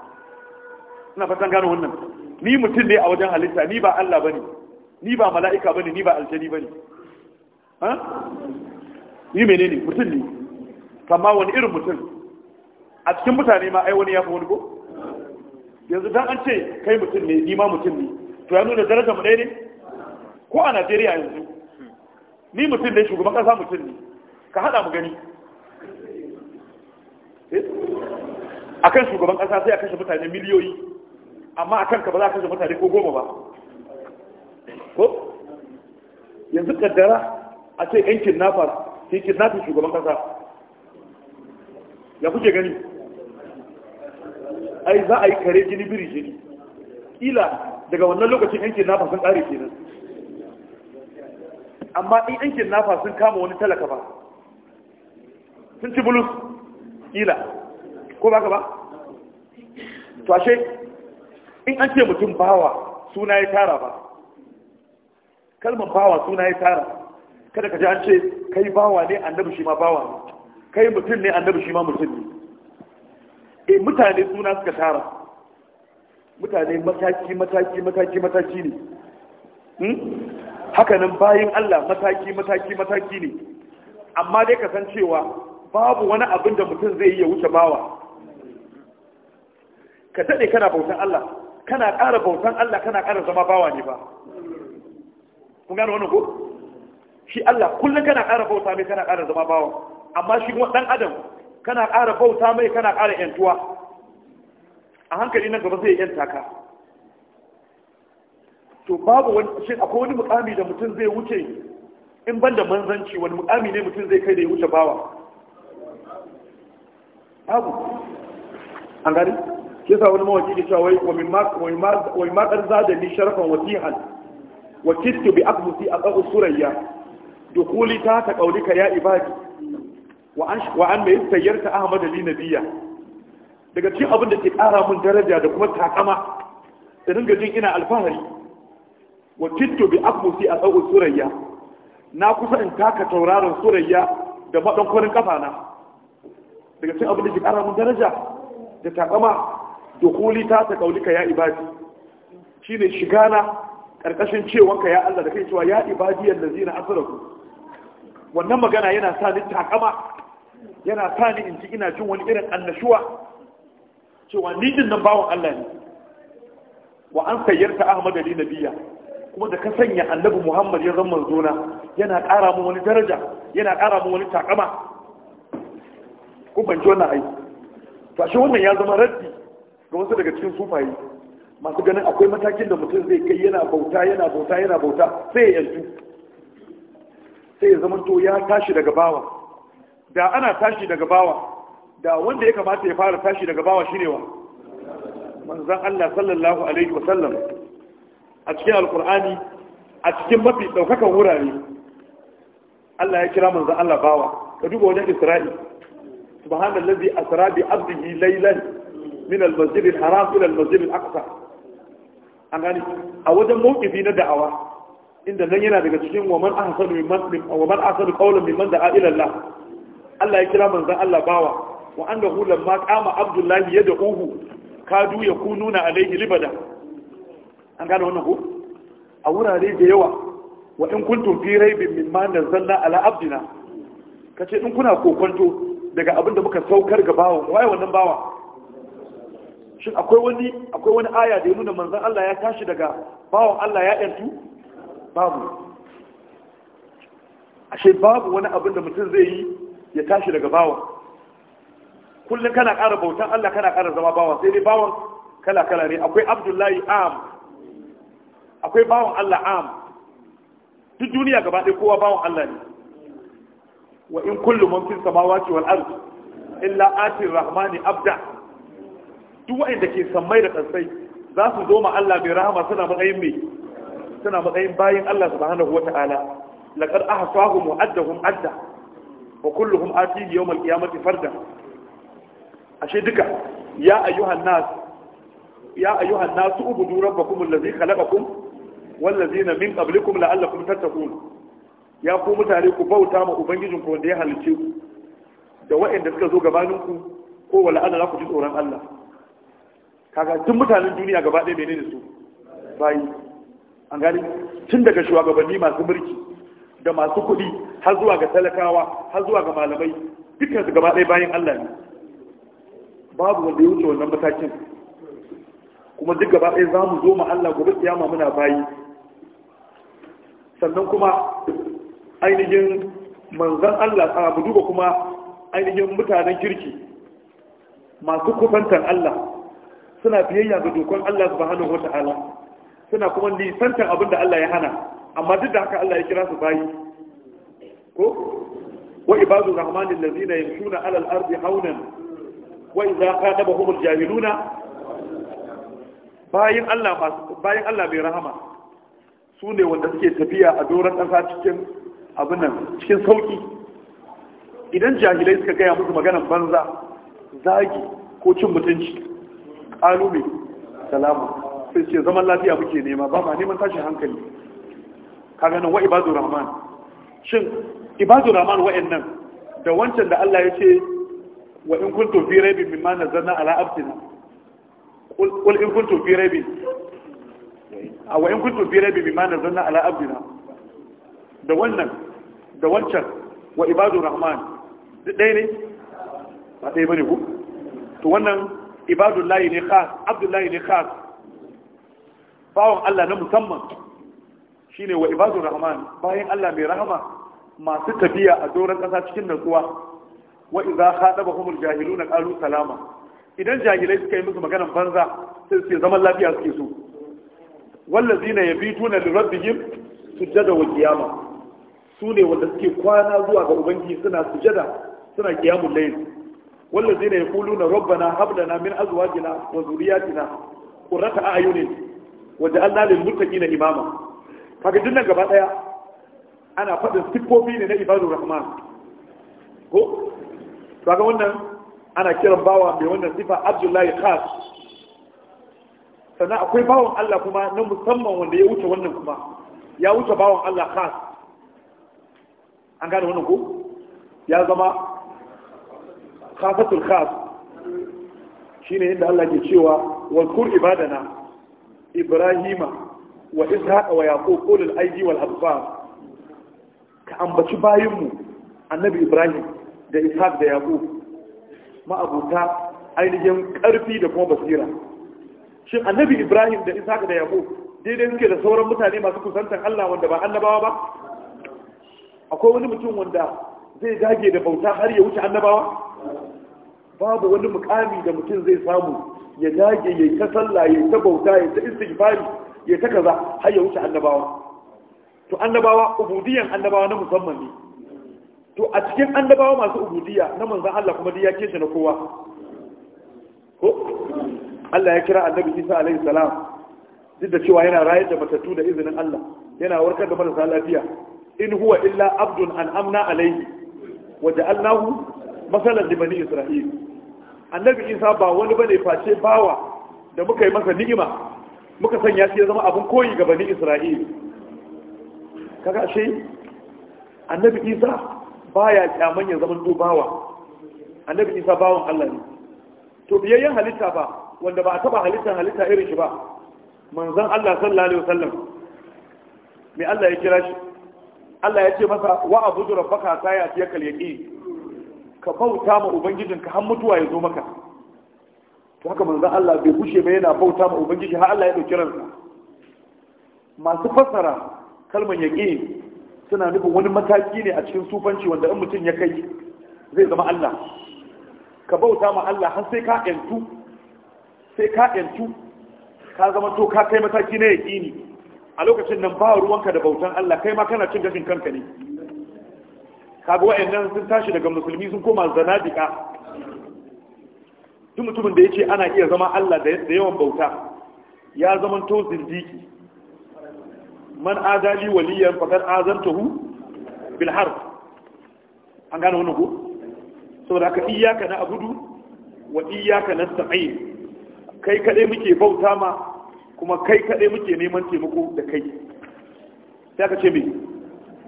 ina fatan gane wannan ni mutum ne a wajen halitta ni ba Allah bane ni ba mala'ika bane ni ba aljani bane yi menene mutum ne kama wani irin mutum a cikin mutane ma ai wani ya fi wani ko yanzu dan an ce kai mutum ne ni ma mutum ne to ya nuna daraja mu ɗaya ne ko a Najeriya yanzu ni mutum ne shugaban ƙasa mutum ne ka haɗa mu gani eh? A kan shugaban ƙasa sai a kashe mutane miliyoyi amma kan ka ba za a kashe mutane ko goma ba ko yanzu kaddara a ce yan kidnappers ke kidnapping shugaban kasa ya kuke gani ai za a yi kare jini biri jini kila daga wannan lokacin yan kidnappers sun kare kenan amma in yan kidnappers sun kama wani talaka ba sun ci bulus kila ko ba ka ba to ashe in an ce mutum bawa suna ya tara ba kalmar bawa suna ya tara kada ka ji an ce kai bawa ne annabi shi ma bawa kai mutum ne annabi shi ma mutum ne e mutane suna suka tara mutane mataki mataki mataki mataki ne hmm? hakanan bayin Allah mataki mataki mataki ne amma dai ka san cewa babu wani abin da mutum zai yi ya wuce bawa ka daɗe kana bautan Allah kana ƙara bautan Allah kana ƙara zama bawa ne ba kun gano wannan ko shi Allah kullum kana ƙara bauta mai kana ƙara zama bawa amma shi ɗan adam kana ƙara bauta mai kana ƙara ‘yantuwa a hankali nan gaba zai ‘yanta ka to babu wani shi akwai wani mukami da mutum zai wuce in ban da manzanci wani mukami ne mutum zai kai da ya wuce bawa babu an gani ke sa wani mawaki da cewa wai ma ƙarza da ni sharafan wasihan wa kistu bi aqmusi aqabu surayya dukuli ta ta kaulika ya ibadi wa an wa an mai sayyarta ahmad ali nabiyya daga cikin abin da ke ƙara mun daraja da kuma takama da dinga jin ina alfahari wa kitto bi aqmusi a tsawon surayya na kusa in taka tauraron surayya da madankwarin kafa na daga cikin abin da ke ƙara mun daraja da takama dukuli ta ta kaulika ya ibadi shine shigana karkashin cewanka ya Allah da kai cewa ya zina ladzina ku. wannan magana yana sa ni takama yana sa ni in ji ina jin wani irin annashuwa cewa ni din nan bawan Allah ne wa an sayyarta Ahmad ali nabiya kuma da ka sanya annabi Muhammad ya zama zona yana ƙara mu wani daraja yana ƙara mu wani takama ko ban ji wannan ai to shi wannan ya zama raddi ga wasu daga cikin sufaye masu ganin akwai matakin da mutum zai kai yana bauta yana bauta yana bauta sai ya yanzu sai ya zama to ya tashi daga bawa da ana tashi daga bawa da wanda ya kamata ya fara tashi daga bawa shine wa manzon Allah sallallahu alaihi wasallam a cikin alkur'ani a cikin mafi daukakan wurare Allah ya kira manzon Allah bawa ka duba wajen Isra'i subhanallazi asra bi abdihi laylan min al haram ila al-masjid an gani a wajen mawkifi na da'awa inda nan yana daga cikin wa man ahsanu mimman wa man ahsanu qawlan mimman da'a ila Allah Allah ya kira manzon Allah bawa wa annahu lamma qama Abdullahi yad'uhu kadu yakununa alayhi libada an gane wannan ko a wurare da yawa wa in kuntum fi raibin mimma nazzalna ala abdina kace in kuna kokonto daga abin da muka saukar ga bawa waye wannan bawa shin akwai wani akwai wani aya da ya nuna manzon Allah ya tashi daga bawan Allah ya yantu babu ashe babu wani abin da mutum zai yi ya tashi daga bawa kullum kana ƙara bautan Allah kana ƙara zama bawa sai dai bawan kala kala ne akwai abdullahi am akwai bawan Allah am duk duniya gaba ɗaya kowa bawan Allah ne wa in kullu man fi samawati wal ardi illa ati rahmani abda duk wanda ke sammai da kansai za su zo ma Allah bai rahama suna matsayin mai suna matsayin bayin Allah subhanahu wata'ala laqad ahsahum wa addahum adda wa kulluhum atihi yawm al-qiyamati fardan ashe duka ya ayyuhan nas ya ayyuhan nas ubudu rabbakum allazi khalaqakum wallazina min qablikum la'allakum tattaqun ya ku mutane ku bauta ma ubangijin ku wanda ya halice ku da waɗanda suka zo gabaninku ko wala ana ku ji tsoron Allah kaga tun mutanen duniya gaba ɗaya menene su bayi an gani tun daga shugabanni masu mulki da masu kuɗi har zuwa ga talakawa har zuwa ga malamai dukkan su gaba ɗaya bayan Allah ne babu wanda ya wuce wannan matakin kuma duk gaba ɗaya za mu zo ma Allah gobe kiyama muna bayi sannan kuma ainihin manzan Allah a mu duba kuma ainihin mutanen kirki masu kufantan Allah suna biyayya ga dokon Allah subhanahu wata'ala suna kuma nisantar abin Allah ya hana amma duk da haka Allah ya kira su bayi ko wa ibadu rahmani allazina yamshuna alal ardi haunan wa idza qadabahum al-jahiluna bayin Allah bayin Allah bai rahama su ne wanda suke tafiya a doron kasa cikin abin nan cikin sauki idan jahilai suka gaya musu maganar banza zagi ko cin mutunci ƙalube salama sai ce zaman lafiya muke nema ba ma neman tashin hankali kaga nan wa ibadu rahman shin ibadu rahman wa'annan da wancan da Allah ya ce wa in kuntu fi raibin mimma nazzalna ala abdina qul in kuntum fi raibin aw in kuntum fi raibin mimma nazzalna ala abdina da wannan da wancan wa ibadu rahman duk ɗaya ne ba ɗaya bane ku to wannan ibadullahi ne khas abdullahi ne khas bawon Allah na musamman shine wa ibadur rahman bayan Allah mai rahama masu tafiya a doron ƙasa cikin natsuwa wa kuma jahilu na ƙaru salama idan jahilai suka yi musu maganar banza sai su zaman lafiya suke so Wanda na lura bigin su sujada wa kiyama su ne wanda suke kwana zuwa ga ubangiji suna sujada suna layin. zina ya kulu na rabbana na haɓdana min azwajina wa dhurriyyatina a ayyunin waje Allah mutaki na imama kaga dinnan gaba daya ana faɗin sifofi ne na ibadur rahman ko kaga wannan ana kiran bawa mai wannan sifa abdullahi khas sannan akwai bawan Allah kuma na musamman wanda ya wuce wannan kuma ya wuce bawan Allah khas an gane wannan ko ya zama khasatul khas shine inda Allah ke cewa wal kur ibadana ibrahima wa ishaqa wa yaqub ulul aidi wal absar ka ambaci bayinmu annabi ibrahim da ishaq da yaqub ma'abuta ainihin karfi da kuma basira shin annabi ibrahim da ishaq da yaqub daidai suke da sauran mutane masu kusantar allah wanda ba annabawa ba akwai wani mutum wanda zai dage da bauta har ya wuce annabawa babu wani mukami da mutum zai samu ya dage ya ta sallah ya ta bauta ya ta istighfari ya ta kaza har ya wuce annabawa to annabawa ubudiyan annabawa na musamman ne to a cikin annabawa masu ubudiyya na manzon Allah kuma dai ya kece na kowa ko Allah ya kira annabi Isa alaihi salam duk da cewa yana rayar da matattu da izinin Allah yana warkar da marasa lafiya in huwa illa abdun Amna alaihi wa ja'alnahu masalan li bani isra'il annabi isa ba wani bane face bawa da muka yi masa ni'ima muka sanya shi ya zama abin koyi ga bani isra'ila kaga shi annabi isa baya kyaman ya zama dubawa annabi isa bawan allah ne to biyayyen halitta ba wanda ba a taba halittar halitta irin shi ba manzon allah sallallahu alaihi wasallam me allah ya kira shi allah ya ce masa wa abudu rabbaka sayati ya yaqin ka bauta ma ubangijinka har mutuwa ya zo maka to haka manzon Allah bai kushe ba yana bauta ma ubangiji har Allah ya dauki ransa masu fassara kalman yaqin suna nufin wani mataki ne a cikin sufanci wanda in mutum ya kai zai zama Allah ka bauta ma Allah har sai ka yantu sai ka yantu ka zama to ka kai mataki na yaqini a lokacin nan ba ruwanka da bautan Allah kai ma kana cin gashin kanka ne kaga wa'annan sun tashi daga musulmi sun koma zanadika duk mutumin da ya ce ana iya zama Allah da yawan bauta ya zama to zindiki man adali waliyan fakar azantahu bil harb an gane wannan ko saboda haka iyyaka na abudu wa iyyaka nasta'in kai kadai muke bauta ma kuma kai kadai muke neman taimako da kai sai ka ce me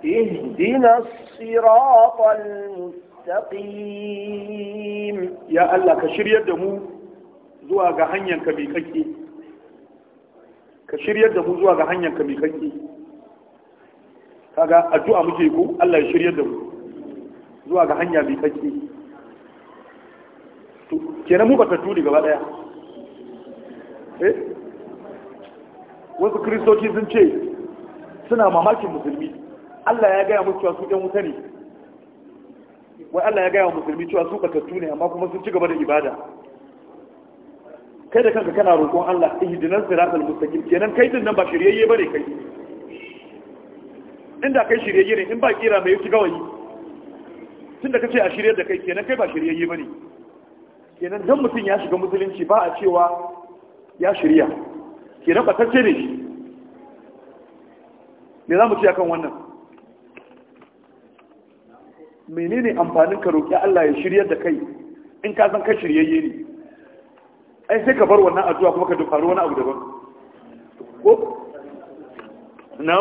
اهدنا الصراط المستقيم يا الله كشرية دمو زوا غهنيا كبيكي كشرية دمو زوا غهنيا كبيكي kaga addu'a muke ko Allah ya shirye da mu zuwa ga hanya mai kake to kenan mu bata gaba daya eh wasu kristoci sun ce suna mamakin musulmi Allah ya gaya musu cewa su ɗan wuta ne wai Allah ya gaya wa musulmi cewa su ɓatattu ne amma kuma sun ci gaba da ibada kai da kanka kana roƙon Allah ihdinas siratal mustaqim kenan kai din nan ba shiryayye bane kai inda kai shiryayye ne in ba kira mai yuki gawayi tunda kace a shiryar da kai kenan kai ba shiryayye bane kenan dan mutum ya shiga musulunci ba a cewa ya shirya kenan batacce ne shi me za mu ci akan wannan menene amfanin ka roƙi Allah ya shiryar da kai in ka san ka shiryayye ne ai sai ka bar wannan addu'a kuma ka dufaru wani abu daban ko na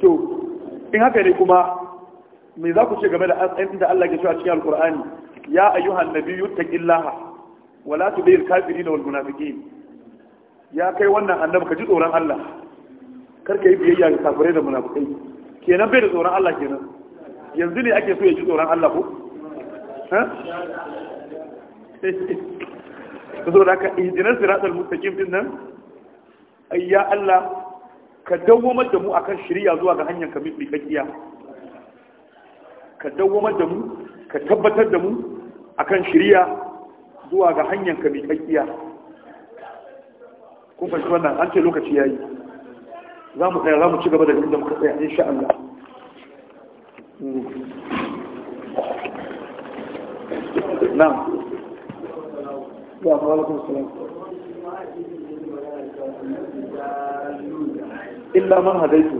to in haka ne kuma me za ku ce game da asalin da Allah ya cewa cikin alkur'ani ya ayyuhan nabiyyu taqillaha wala tudil kafirin wal munafiqin ya kai wannan annabi ka ji tsoron Allah kar ka yi biyayya ga kafirai da munafikai kenan bai da tsoron Allah kenan yanzu ne ake so ya ji tsoron Allah ko zo da ka ihdinas siratul mustaqim din nan ayya Allah ka dawwamar da mu akan shari'a zuwa ga hanyar ka mai kakkiya ka dawwamar da mu ka tabbatar da mu akan shari'a zuwa ga hanyar ka mai kakkiya kun fahimci wannan an ce lokaci yayi za mu tsaya za mu ci gaba daga inda muka tsaya insha Allah na'am ya fara alaikum salam illa man hadaitu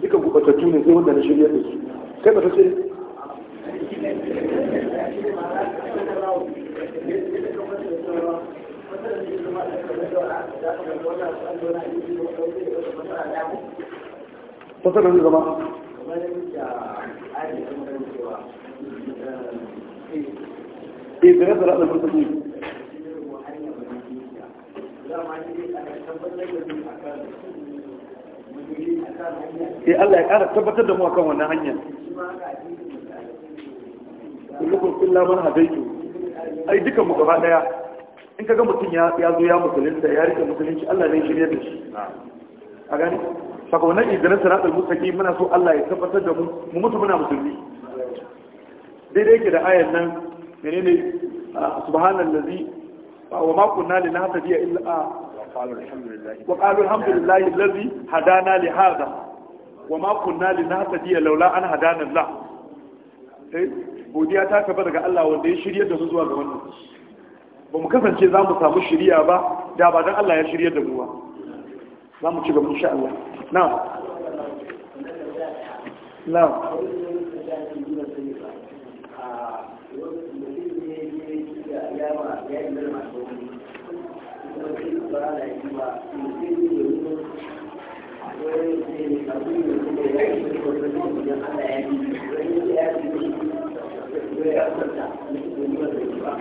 duka gubatattu ne sai wanda na shirya da su kai ba ta ce Thank you. kusa eh, da zama da eh, Allah ya ƙara tabbatar da mu akan wannan hanyar kullukun illa man hadaitu ai dukan mu gaba ɗaya in ka ga mutum ya zo ya musulunta ya rike musulunci Allah ne shirya da shi a gani sakonan idan siratul mutaki muna so Allah ya tabbatar da mu mu mutu muna musulmi daidai yake da ayan nan lazi? ba wa ma kunna biya illa wa qalu alhamdulillahi lazi hadana li hadha wa ma kunna biya laula an hadana la eh, godiya ta kaba daga Allah wanda ya shirya da mu zuwa ga wannan ba mu kasance za mu samu shirya ba da ba don Allah ya shirya da ruwa za mu ci gaba insha Allah Na. Na.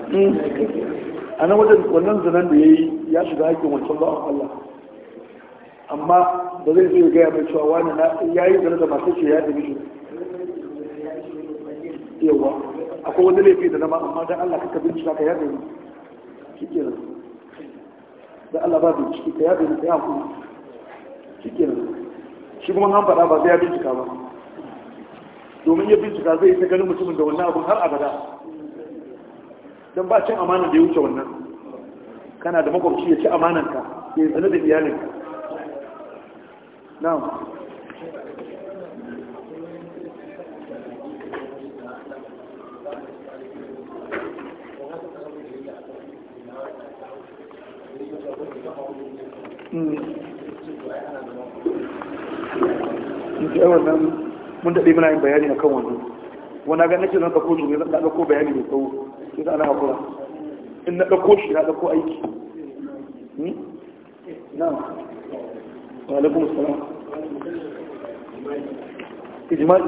Mm-hmm. Ana wajen wannan zanen da ya yi ya shiga haƙƙin wancan ba'an Allah amma ba zai zai gaya mai cewa wani ya yi zanen da masu ce ya dabi shi yawa akwai wani laifi da nama amma don Allah kaka bincika ka ya dabi shi nan, da Allah ba ciki ka ya dabi ka ya kuma shi nan shi kuma an faɗa ba zai ya bincika ba domin ya bincika zai ta ganin mutumin da wannan abin har abada don ba cin amanan da ya wuce wannan kana da makwabci ya ci amananka ya yi tsana da iyalinka hmm. nan mun daɗe muna yin bayani a kan wannan wani ganin ce zan ka kotu ne zan ɗaɗa ko bayani mai tsawo sai sa na haƙura in na ɗauko shi na ɗauko aiki hmm? na walaikun salam ijma'i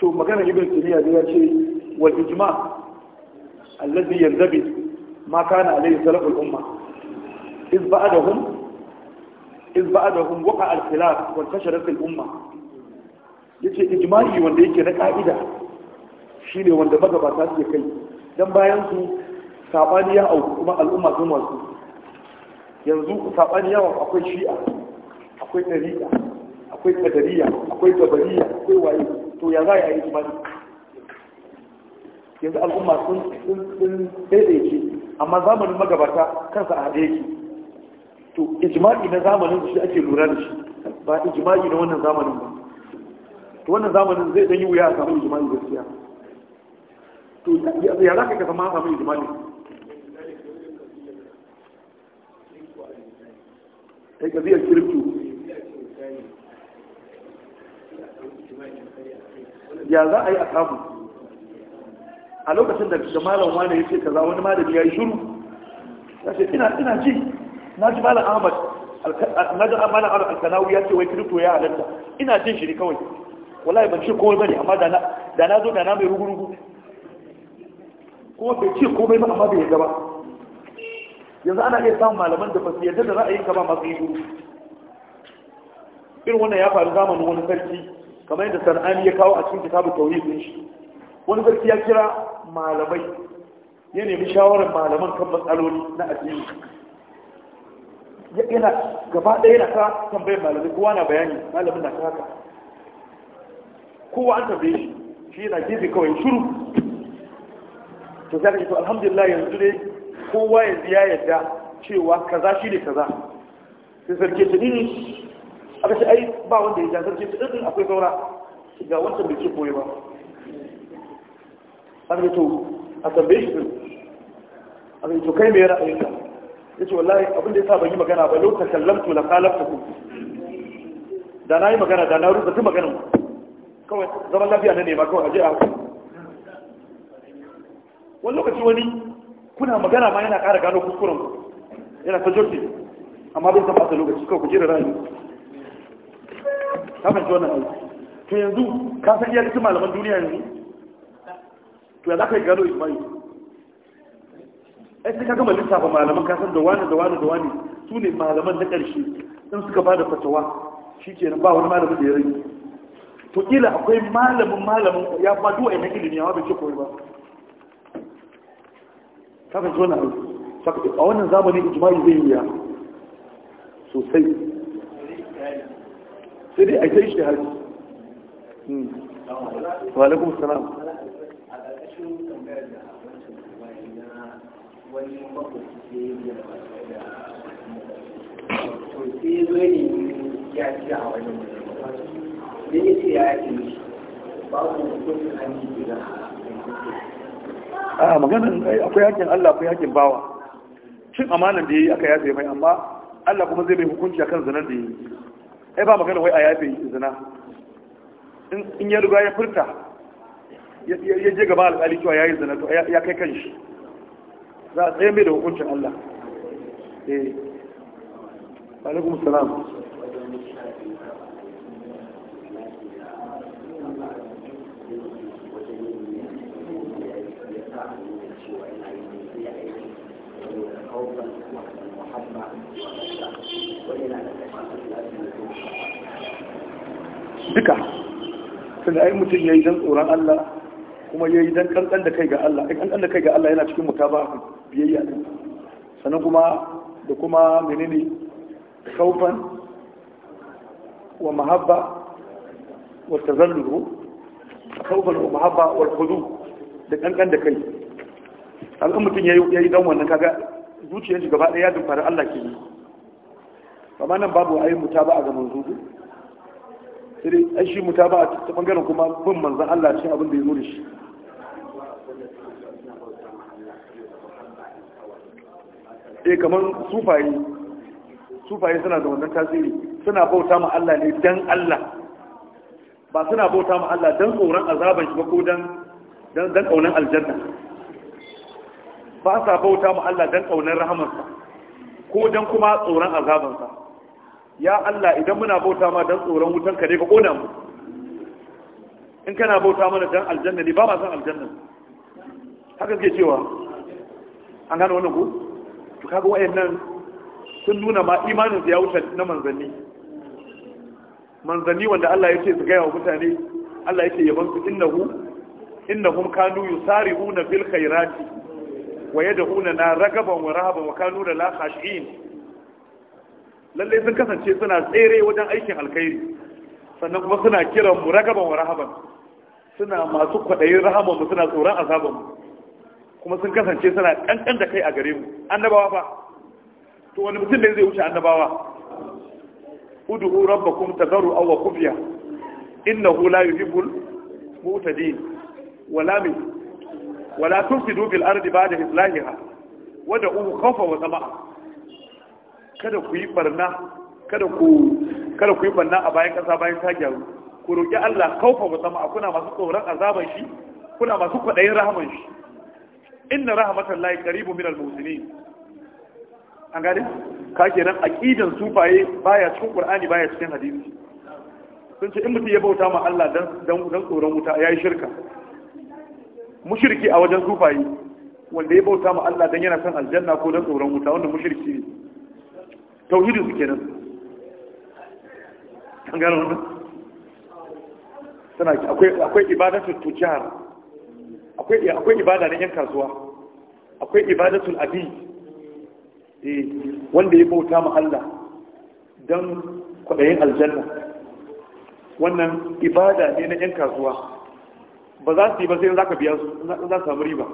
to magana ibn tuniya da ya ce wal ijma allazi yanzabi ma kana alayhi salaful umma iz ba'adahum iz ba'adahum waqa al khilaf wa tasharat al umma yace ijma'i wanda yake na ka'ida ne wanda magabata suke kai don bayan su sabani ya auku kuma al'umma sun wasu yanzu sabani yawon akwai shi'a akwai tariqa akwai ƙadariya akwai gabariya akwai waye to ya za a yi ijma'i yanzu al'umma sun sun ce amma zamanin magabata kansa a haɗe yake to ijma'i na zamanin shi ake lura da shi ba ijma'i na wannan zamanin ba to wannan zamanin zai dan yi wuya a samu ijimali gaskiya to ya za ka ka samu samu ijimali kai ga biyar kirkto ya za a yi a samu a lokacin da malam wani ya ce kaza wani malami ya yi shuru ya ce ina ji na ji malam ahmad na ji malam ahmad alkanawu ya ce wai kirkto ya halatta ina jin shi ne kawai wallahi ban ce komai bane amma da na da na zo da na mai rugurugu kuma bai ce komai ba amma bai yarda ba yanzu ana iya samun malaman da ba da yarda da ra'ayin ka ba masu yi irin wannan ya faru zamanin wani sarki kamar yadda sana'ani ya kawo a cikin kitabu tauri din shi wani sarki ya kira malamai ya nemi shawarar malaman kan matsaloli na addini yana gaba ɗaya na ka tambayar malamai kowa na bayani malamin na haka kowa an tambaye shi shi yana gizi kawai shuru to sai ka ce to alhamdulillah yanzu dai kowa yanzu ya yarda cewa kaza shi ne kaza sai sarki ta nini a kashi ai ba wanda ya ja sarki ta ɗin eh, eh, akwai saura ga wancan bai ke koyi ba an ga to a tambaye shi din a to kai me ya ce wallahi abin da sa ban yi magana ba lokacin lamtu kalar ta ku da na yi magana da na rubuta magana. kawai zaman lafiya na nema kawai a je wani lokaci wani kuna magana ma yana ƙara gano kuskuren yana ta jirgin amma bai san ɓata lokaci kawai ku jira rayu ta fahimci wannan aiki Ta yanzu ka san iya litin malaman duniya yanzu to ya za ka yi gano ismail ai sai ka gama lissafa malaman ka san da wani da wani da wani su ne malaman na ƙarshe in suka ba da fatawa shi nan, ba wani malamin da ya rage to kila akwai malamin malamin ya ba duwa ina ilimi amma bai ce koyi ba kafin zuwa na a wannan zamanin ijma'i zai wuya sosai sai dai a kai shi hali wa alaikum salam wani makwai da ya zo ne ya ci a wani da ya yi babu mutum gida a maganin akwai yakin Allah akwai yakin bawa cin amanan da ya yi aka yafe mai amma Allah kuma zai mai hukunci akan zinar da ya yi ai ba maganin wai a yafe zina in ya riga ya furta ya je gaba alƙali cewa ya yi zina to ya kai kan shi za a tsaye mai da hukuncin Allah eh alaikum salam خوفا وحبا duka tunda ai mutum yayi dan tsoron Allah kuma yayi dan kankan da kai ga Allah ai kankan da kai ga Allah yana cikin mutaba biyayya sanan sannan kuma da kuma menene kaufan wa mahabba wa tazallulu kaufan wa mahabba wa khudu da kankan da kai mutum yayi yayi dan wannan kaga zuciyar shi gaba ɗaya dumfari Allah ke yi amma nan babu ayi muta ba a ga manzo sai dai ai shi mutaba a ta bangaren kuma bin manzan Allah cin abin da ya zo da shi eh kamar sufaye sufaye suna da wannan tasiri suna bauta ma Allah ne dan Allah ba suna bauta ma Allah dan tsoron azaban shi ba ko dan dan kaunan aljanna ba sa bauta mu Allah dan kaunar rahamarsa ko dan kuma tsoron azabansa ya Allah idan muna bauta ma dan tsoron wutan ka ne ka kona mu in kana bauta mana dan aljanna ne ba ma san aljanna haka ke cewa an gano wannan ku to kaga wayannan sun nuna ma imanin su ya wuce na manzanni manzanni wanda Allah ya ce su gaya wa mutane Allah ya ce yaban innahu innahum kanu yusari'una fil khairati wa yad'una na ragaban wa rahaban wa kanu la khashin lalle sun kasance suna tsere wajen aikin alkhairi sannan kuma suna kiran mu ragaban wa rahaban suna masu kwaɗayin rahama mu suna tsoron azaban mu kuma sun kasance suna kankan da kai a gare mu annabawa fa to wani mutum ne zai wuce annabawa ud'u rabbakum tadaru aw khufiya innahu la yuhibbul mutadin wala min wala tufsidu fil ardi ba'da islahiha wada u khawfa wa tama'a kada ku yi barna kada ku kada ku yi barna a bayan kasa bayan ta gyaru ku roki Allah khawfa wa tama'a kuna masu tsoron azaban shi kuna masu kwadayin rahaman shi inna rahmatallahi qaribu min al-muslimin an gane ka kenan aqidan sufaye baya cikin qur'ani baya cikin hadisi sun ce in mutum ya bauta ma Allah dan dan tsoron wuta yayi shirka mushirki a wajen sufayi wanda ya bauta ma Allah dan yana son aljanna ko dan tsoron wuta wanda mushirki ne tauhidin su kenan an gano wannan sana akwai akwai ibadatul tujar akwai akwai ibada na yan kasuwa akwai ibadatul abi eh wanda ya bauta ma Allah dan kwadayin aljanna wannan ibada ne na yan kasuwa ba za su yi ba sai za ka biya su za su samu riba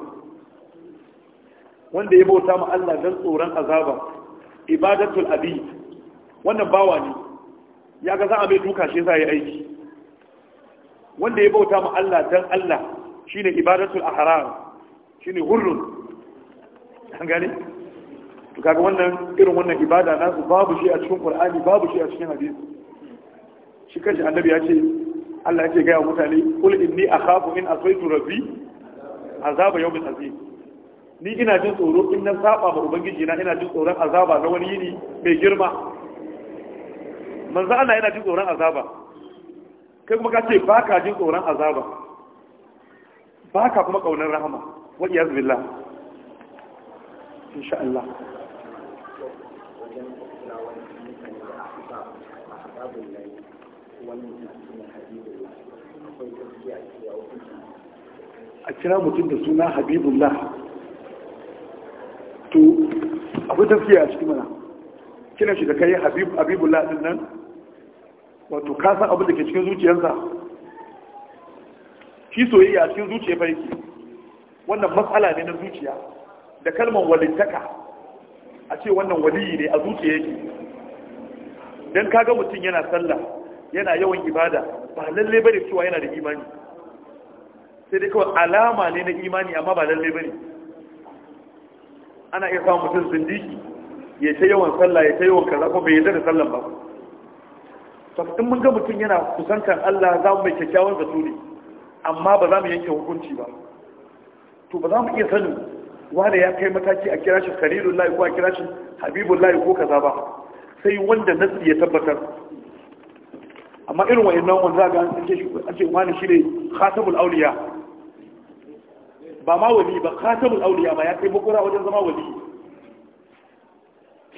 wanda ya bauta ma Allah don tsoron azaba ibadatul abi wannan bawa ne ya ga za a mai duka shi za yi aiki wanda ya bauta ma Allah don Allah shine ibadatul ahrar shine hurrun an gane to kaga wannan irin wannan ibada nasu babu shi a cikin Qur'ani babu shi a cikin hadisi shi kanshi annabi ya ce Allah yake gaya mutane kul inni akhafu in asaitu rabbi azaba yawmin azim ni ina jin tsoro in na saba ma ubangiji na ina jin tsoron azaba na wani yini mai girma manzo Allah yana jin tsoron azaba kai kuma kace baka jin tsoron azaba baka kuma kaunar rahama wa iyaz billah insha Allah wannan a kira mutum da suna habibullah to akwai tafiya a cikin mana kina shi da kai habibullah din nan wato ka san abin da ke cikin zuciyarsa shi soyayya a cikin zuciya fa yake wannan matsala ne na zuciya da kalmar walittaka a ce wannan waliyi ne a zuciya yake don kaga mutum yana sallah yana yawan ibada ba lalle bane cewa yana da imani sai dai kawai alama ne na imani amma ba lalle bane ana iya samun mutum zindiki ya ta yawan sallah ya ta yawan kaza ko bai yarda da sallan ba ta fi mun ga mutum yana kusantar Allah za mu mai kyakkyawar zato ne amma ba za mu yanke hukunci ba to ba za mu iya sanin wanda ya kai mataki a kirashin shi layi ko a kirashin Habibun layi ko kaza ba sai wanda nasi ya tabbatar amma irin wa'annan wanda ga an ce an ce wani ne khatabul auliya ba ma wali ba khatabul auliya ba ya kai makura wajen zama wali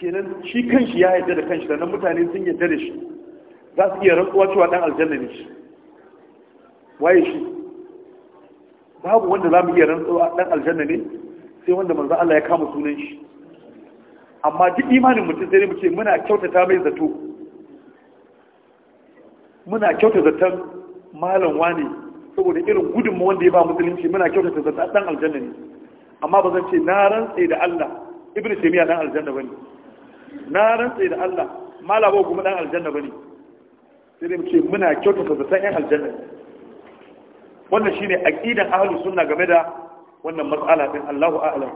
kenan shi kanshi ya yarda da kanshi nan mutane sun yarda da shi za su iya rantsuwa cewa dan aljanna ne shi waye shi babu wanda za mu iya rantsuwa dan aljanna ne sai wanda manzo Allah ya kama sunan shi amma duk imanin mutum sai mu ce muna kyautata mai zato muna kyauta zaton malam wani saboda irin mu wanda ya ba musulunci muna kyauta zaton dan aljanna ne amma ba zan ce na rantse da Allah ibnu taymiya dan aljanna bane na rantse da Allah ba kuma dan aljanna bane sai dai muke muna kyauta zaton ɗan aljanna wannan shine aqidan ahlus sunna game da wannan mas'ala din Allahu a'lam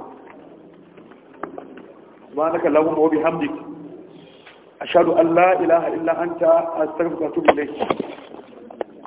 subhanaka allahumma wa bihamdika a an allah ilaha illa anta astaghfiruka wa atubu